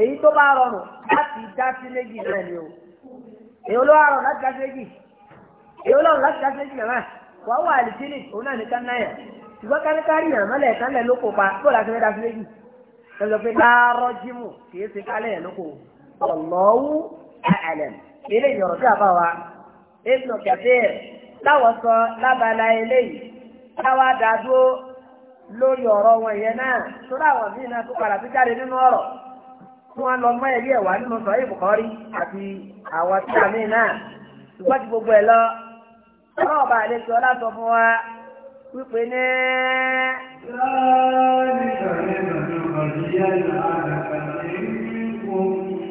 èyí tó bá rọrùn láti dá méjì náà ni o èyí ló rọrùn láti n'a méjì èyí ló rọrùn láti dá méjì náà wà wà àlìsílì òun náà ní kánáyà ṣùgbọ́n yàn mọ́lẹ̀ kánlẹ̀ ló kó pa kó láti fẹ́ dá méjì lọ́sọ̀ pé láàárọ̀ kìí ṣe kálẹ̀ ló kó àlẹ̀ ilé ìyọ̀rọ̀ a wa kẹfẹ́ lábala lórí ọ̀rọ̀ wọn ìyẹn náà sórí àwọn míì náà tó padà tó jáde nínú ọ̀rọ̀ tí wọ́n lọ mọ́ ẹ̀rí ẹ̀wà nínú sọ̀rọ̀ ìbùkọ́rí àti àwọn tí àmì náà ṣùgbọ́n ti gbogbo ẹ̀ lọ ọ̀rọ̀ ọba àlejò ọlá sọ fún wa wípé ní.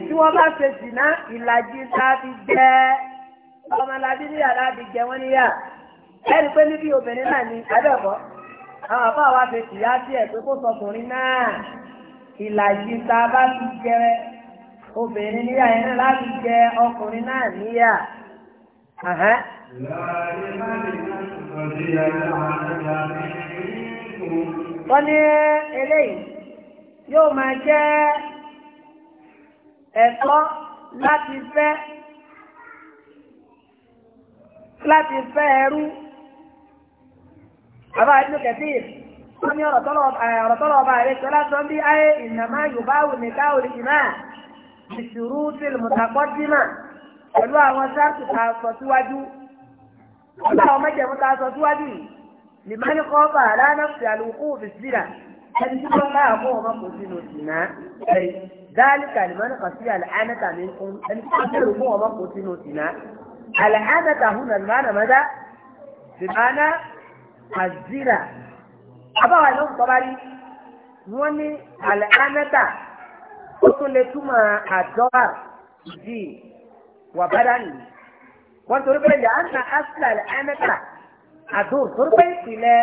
tí wọ́n bá ṣe jìnnà ìlàjì láti jẹ́ ọmọlábí níyà láti jẹ wọ́n níyà ẹ̀rí pé níbi obìnrin náà ni abẹ́ẹ̀kọ́ àwọn àbá wa ti tìyá sí ẹ̀ pé kó sọkùnrin náà ìlàjì tá bá ti jẹ obìnrin níyà yẹn láti jẹ ọkùnrin náà níyà. wọ́n ní eléyìí yóò máa jẹ́ ẹ̀tọ́ láti fẹ́ láti fẹ́ ẹrú àbá inú kẹ̀sí wọ́n ní ọ̀rọ̀ tọ́lọ̀ ọba eh, rẹ̀ tọ́lá sọ bí ayé ìnàmá yorùbá wù ní ká orí ìmá ìṣòro tí mùtàkọ́ dínà pẹ̀lú àwọn sáàtù tá a sọ síwájú pẹ̀lú àwọn mẹ́jẹ̀mú tá sọ síwájú yìí lìmánì kọ́ bá lánàá fi àlùkù fi síra ẹni tí wọ́n bá àkó ọmọ kò sínú ìná ẹ̀rí dáálíkà lìmánì kan sí àlàánẹ́ta ní kún ẹni tí wọ́n bẹ̀rù fún ọmọ kò sínú ìná àlàánẹ́ta hùn àzírà abáwa ìlú ìjọba rí wọ́n ní àlẹ́ anẹ́ta ó tún lè túmọ̀ àdọ́rà ìdí wàbádà nìyí wọ́n torí pé ilẹ̀ àná asílẹ̀ àlẹ́ anẹ́ta àdùn torí pé ìpìlẹ̀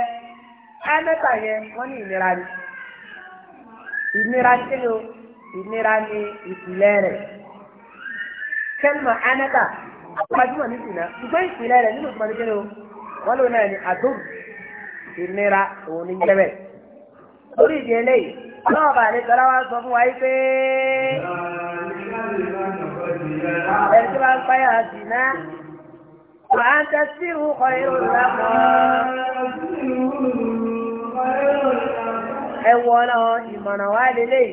anẹ́ta yẹn wọ́n ní ìnira rí ìnira ní kíni o ìnira ní ìpìlẹ̀ rẹ̀ kẹ́lìmọ̀ anẹ́ta àpàjùmọ̀ ní ìsìnà ṣùgbọ́n ìpìlẹ̀ rẹ̀ nínú ìtumọ̀ ní kíni o lò náà ní àdùn ìnira òun ní jẹ́bẹ̀. Orí ìdí eléyìí, náà bà ní tọ́lá wá sọ fún wa yí pé ẹni tí wọ́n ń payà sí náà. وأن تسبحوا خير لكم ẹ wọ náà ìmọ̀nà wá lélẹ̀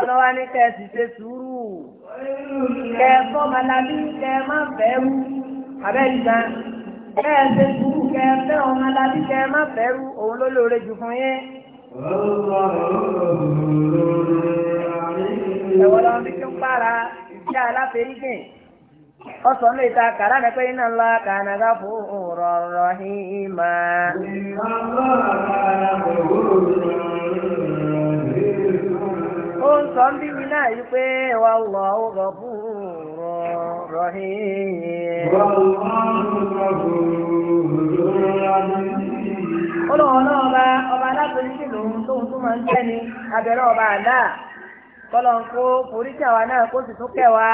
ọ̀nà wá ní kẹ́ẹ̀sì ṣe sùúrù kẹ́ẹ̀fọ́ màlábí kẹ́ẹ̀ má bẹ̀rù abẹ́rù gan-an. kẹ́ ẹ ṣe sùúrù kẹ́ ẹ fẹ́ ọmọ alábí kẹ́ ẹ má bẹ̀rù òun ló lóore jù fún yín. ẹ̀wọ́n lọ́wọ́ fi tún para iná ńlá kànáà fún rọrọ hìmà. ó ń sọ ń bí mi náà yí pé wà lọ́wọ́ fún ọlọ́run náà ọba ọba aláforíṣì lòun tóun tó máa ń jẹ́ ni abẹ̀rẹ̀ ọba àlá kọlọ́n kó foríṣì àwa náà kó sì tó kẹwa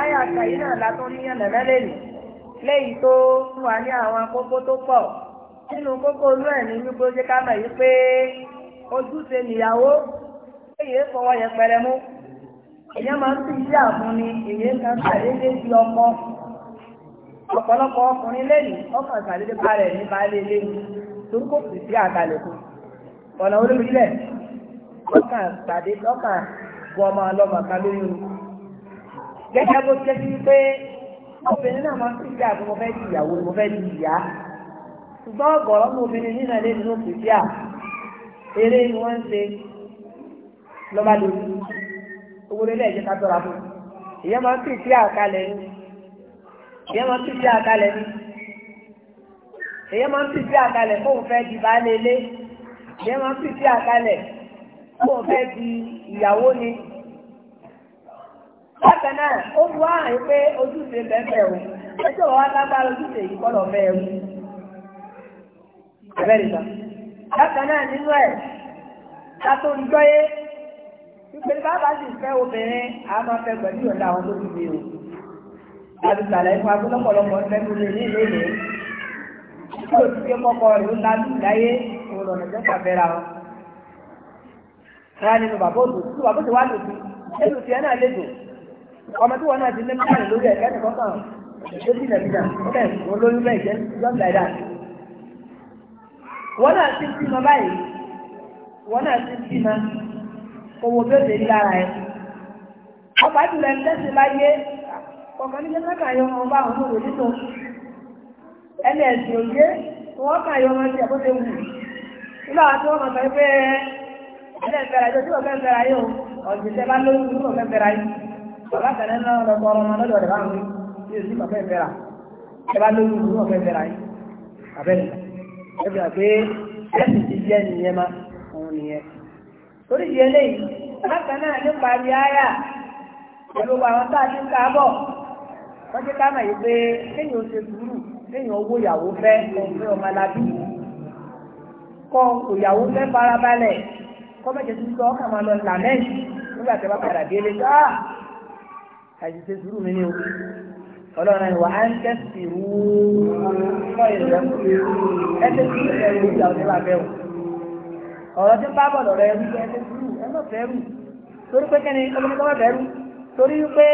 áyà kàyí náà látún níyàn nàná lẹ́nu tó fún wa ní àwọn kókó tó pọ̀ nínú kókó olú ẹ̀ ní wípé ó ká ojúṣe nìyàwó èyí fọwọ́ mú máa ń fi iṣẹ́ àfúnni èyí kan ọmọ. ọ̀pọ̀lọpọ̀ ọkùnrin lẹ́yìn ọkàn ìsàlẹ̀ bá rẹ̀ ní baálé ilé ni torí kò sí àkàlẹ̀ kù ọ̀nà olómìnilẹ̀ ọkàn ìpàdé ọkàn bu ọmọ ọlọ́mọ kan gẹ́gẹ́ bó jẹ́ sí pé obìnrin náà máa ń mo fẹ́ di ìyàwó mo fẹ́ di ìyá ṣùgbọ́n mú obìnrin nínú ilé nínú à èyàn máa ń tìjú àkálẹ̀ ni èyàn máa ń tìjú àkálẹ̀ fóun fẹ́ di baálé ilé èyàn máa ń tìjú àkálẹ̀ fóun fẹ́ di ìyàwó ni. bákan náà ó wá àyè pé ojúṣe bẹ́ẹ̀ o ẹjọ́ wa lágbára ojúṣe yìí kọ́ lọ́ọ́ bẹ́ẹ̀ wú. abẹ́rẹ́ ìgbà bákan náà nínú ẹ̀ látó ń gbọ́yé ìpèlú bàbá sì fẹ́ obìnrin àá máa fẹ́ pẹ̀lú ìyọ̀dà àwọn tó ti bí o àbísàlẹ̀ fún abúlọ́pọ̀lọpọ̀ fẹ́mílì ní ìlú ìlú tí ó ti ké kọ́kọ́ rẹ̀ ó lájú láyé òun lọ́nà jẹ́ kàfẹ́ra wọn. wọ́n á nínú bàbá òdò tí bàbá òdò wà lòdì ẹ̀lú tiẹ̀ náà lẹ́dọ̀ ọmọ tí wọ́n náà ti ní mẹ́rin lórí ẹ̀kẹ́ nìkan kan tó dìnà dìnà ó bẹ̀ wọ́n lóyún bẹ́ẹ̀ jẹ́ just like that. wọ́n náà ti bímọ báyìí wọ́n náà ti bímọ owó bẹ́ẹ̀ ọ̀kan ní jẹ́ káyọ ọmọ ọba àwọn ọmọ òdìtò ẹni ẹ̀sìn òye wọ́n káyọ ọmọ ti àbóṣe wù nígbà tí wọ́n mọ̀ pé ẹni ẹ̀fẹ́ra yóò tí wọ́n fẹ́ fẹ́ra yóò ọ̀sìnṣẹ́ bá lóyún tí wọ́n fẹ́ fẹ́ra yìí bàbá kẹ̀lẹ́ náà lọ bọ ọmọ lọ́dọ̀ rẹ̀ báwọn yìí yóò sì mọ̀ fẹ́ fẹ́ra ẹ bá lóyún tí wọ́n fẹ́ fẹ́ra yìí abẹ́rẹ́ ẹ fi hàn pé ẹ̀sì ti jẹ́ nìyẹn má òun nìyẹn torí ìyẹn lẹ́yìn bákan náà nípa ibi áyà pẹ̀lú àwọn tá a ti ń ká bọ̀ wọ́n ti ká mọ̀ pé kéèyàn ṣe sùúrù kéèyàn owó ìyàwó fẹ́ ọ̀fẹ́ ọmọ kọ́ òyàwó fẹ́ farabalẹ̀ kọ́ mẹ́jẹ tó sọ ọ́kà máa lọ làmẹ́ǹtì nígbà tí a padà ah, sùúrù mi ni o ọlọ́run á ń ìrẹ́ ẹ ìrẹ́ ìyàwó ní o ọ̀rọ̀ tí ń bá bọ̀ lọ́rọ̀ ẹ ẹ fẹ́ rù torí pé kẹ́ni ọlọ́mọdé fẹ́ rù. torí pé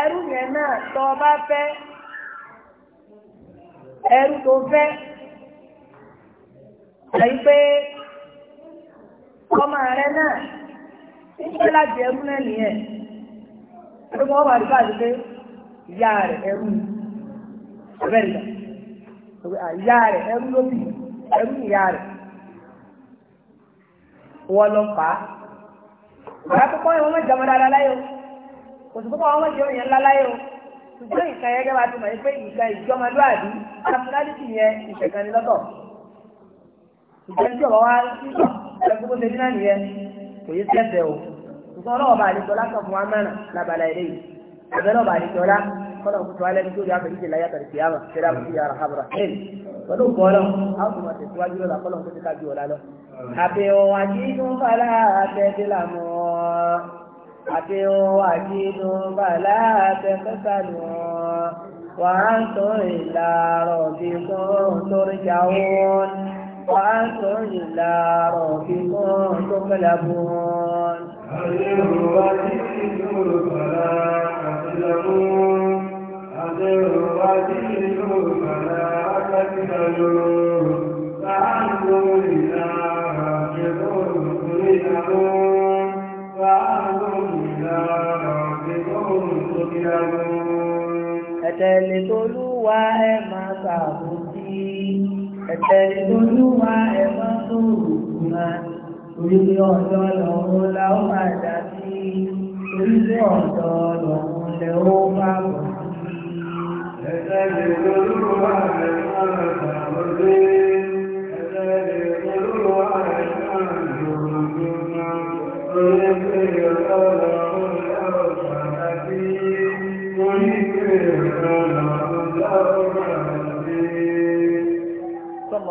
ẹrú yẹn náà tọ́ ọ bá fẹ́ ẹrú tó fẹ́ èyí pé ọmọ rẹ náà ń fẹ́ láti ẹrú náà nìyẹn pé wọ́n wà nípa àti pé ìyá rẹ̀ ẹrú ni ẹ̀rẹ́ ìyá rẹ̀ ẹrú ló bì ẹrú ìyá rẹ̀ wọ́n lọ fà á ọ̀rá púpọ̀ yẹn wọ́n mọ̀ jọmọ dáadáa láyé o kò sí púpọ̀ wọ́n mọ̀ jọ yẹn ńlá láyé o ṣùgbọ́n nǹkan yẹn gẹ́gẹ́ bá ti mọ̀ yẹn pé nǹkan ìjọmọlúwàbí personality yẹn ìṣẹ̀kan ni lọ́tọ̀ ṣùgbọ́n tí ọ̀rọ̀ wa ẹgbẹ́ bó ṣe ní náà nìyẹn kò yé sẹ́sẹ̀ o ṣùgbọ́n ọlọ́wọ́ bá àlejò ọlá kan fún wa mẹ́rin lábala ilé yìí ẹ̀bẹ̀ náà bá àlejò ọlá kọ́nà òkú tó alẹ́ nítorí àfẹ́ ìṣẹ̀lẹ̀ ayàtọ̀ ìṣẹ̀ àmà ṣẹlẹ̀ àbúrò yàrá àbúrò ẹ̀ẹ́n pẹ̀lú gbọ́dọ̀ a kò mọ̀ tẹ̀síwájú lọ́la kọ́nà òkú tó ká bí àti ohun àdínú bàlá àtẹ̀kẹ́sàlù wọn wà á ń tó ìlàrọ̀ bí kún torí jàwọ́n wà á ń tó ìlàrọ̀ bí kún tó kẹlẹ̀ bù wọn. àti ohun àdínú bàlá àtẹ̀kẹ́sàlù wọn àti ohun àdínú bàlá àtẹ̀kẹ́sàlù wọn wà á ń tó ìlàrọ̀ bí kún torí jàwọ́n wà á ń tó ìlàrọ̀. Ẹ̀tẹ̀lé tolúwa ẹ máa sàbò sí. Ẹ̀tẹ̀lé tolúwa ẹ máa sòrò kúnra. Orílẹ̀ ọ̀dọ́ lọ́wọ́ la ó máa dá sí. Orílẹ̀ ọ̀dọ́ lọ́wọ́ lẹ ó máa bọ̀ sí. Ẹ̀tẹ̀lé tolúwa ẹ máa sàbò sí.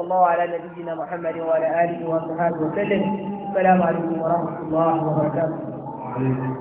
الله على نبينا محمد وعلى اله وصحبه وسلم السلام عليكم ورحمه الله وبركاته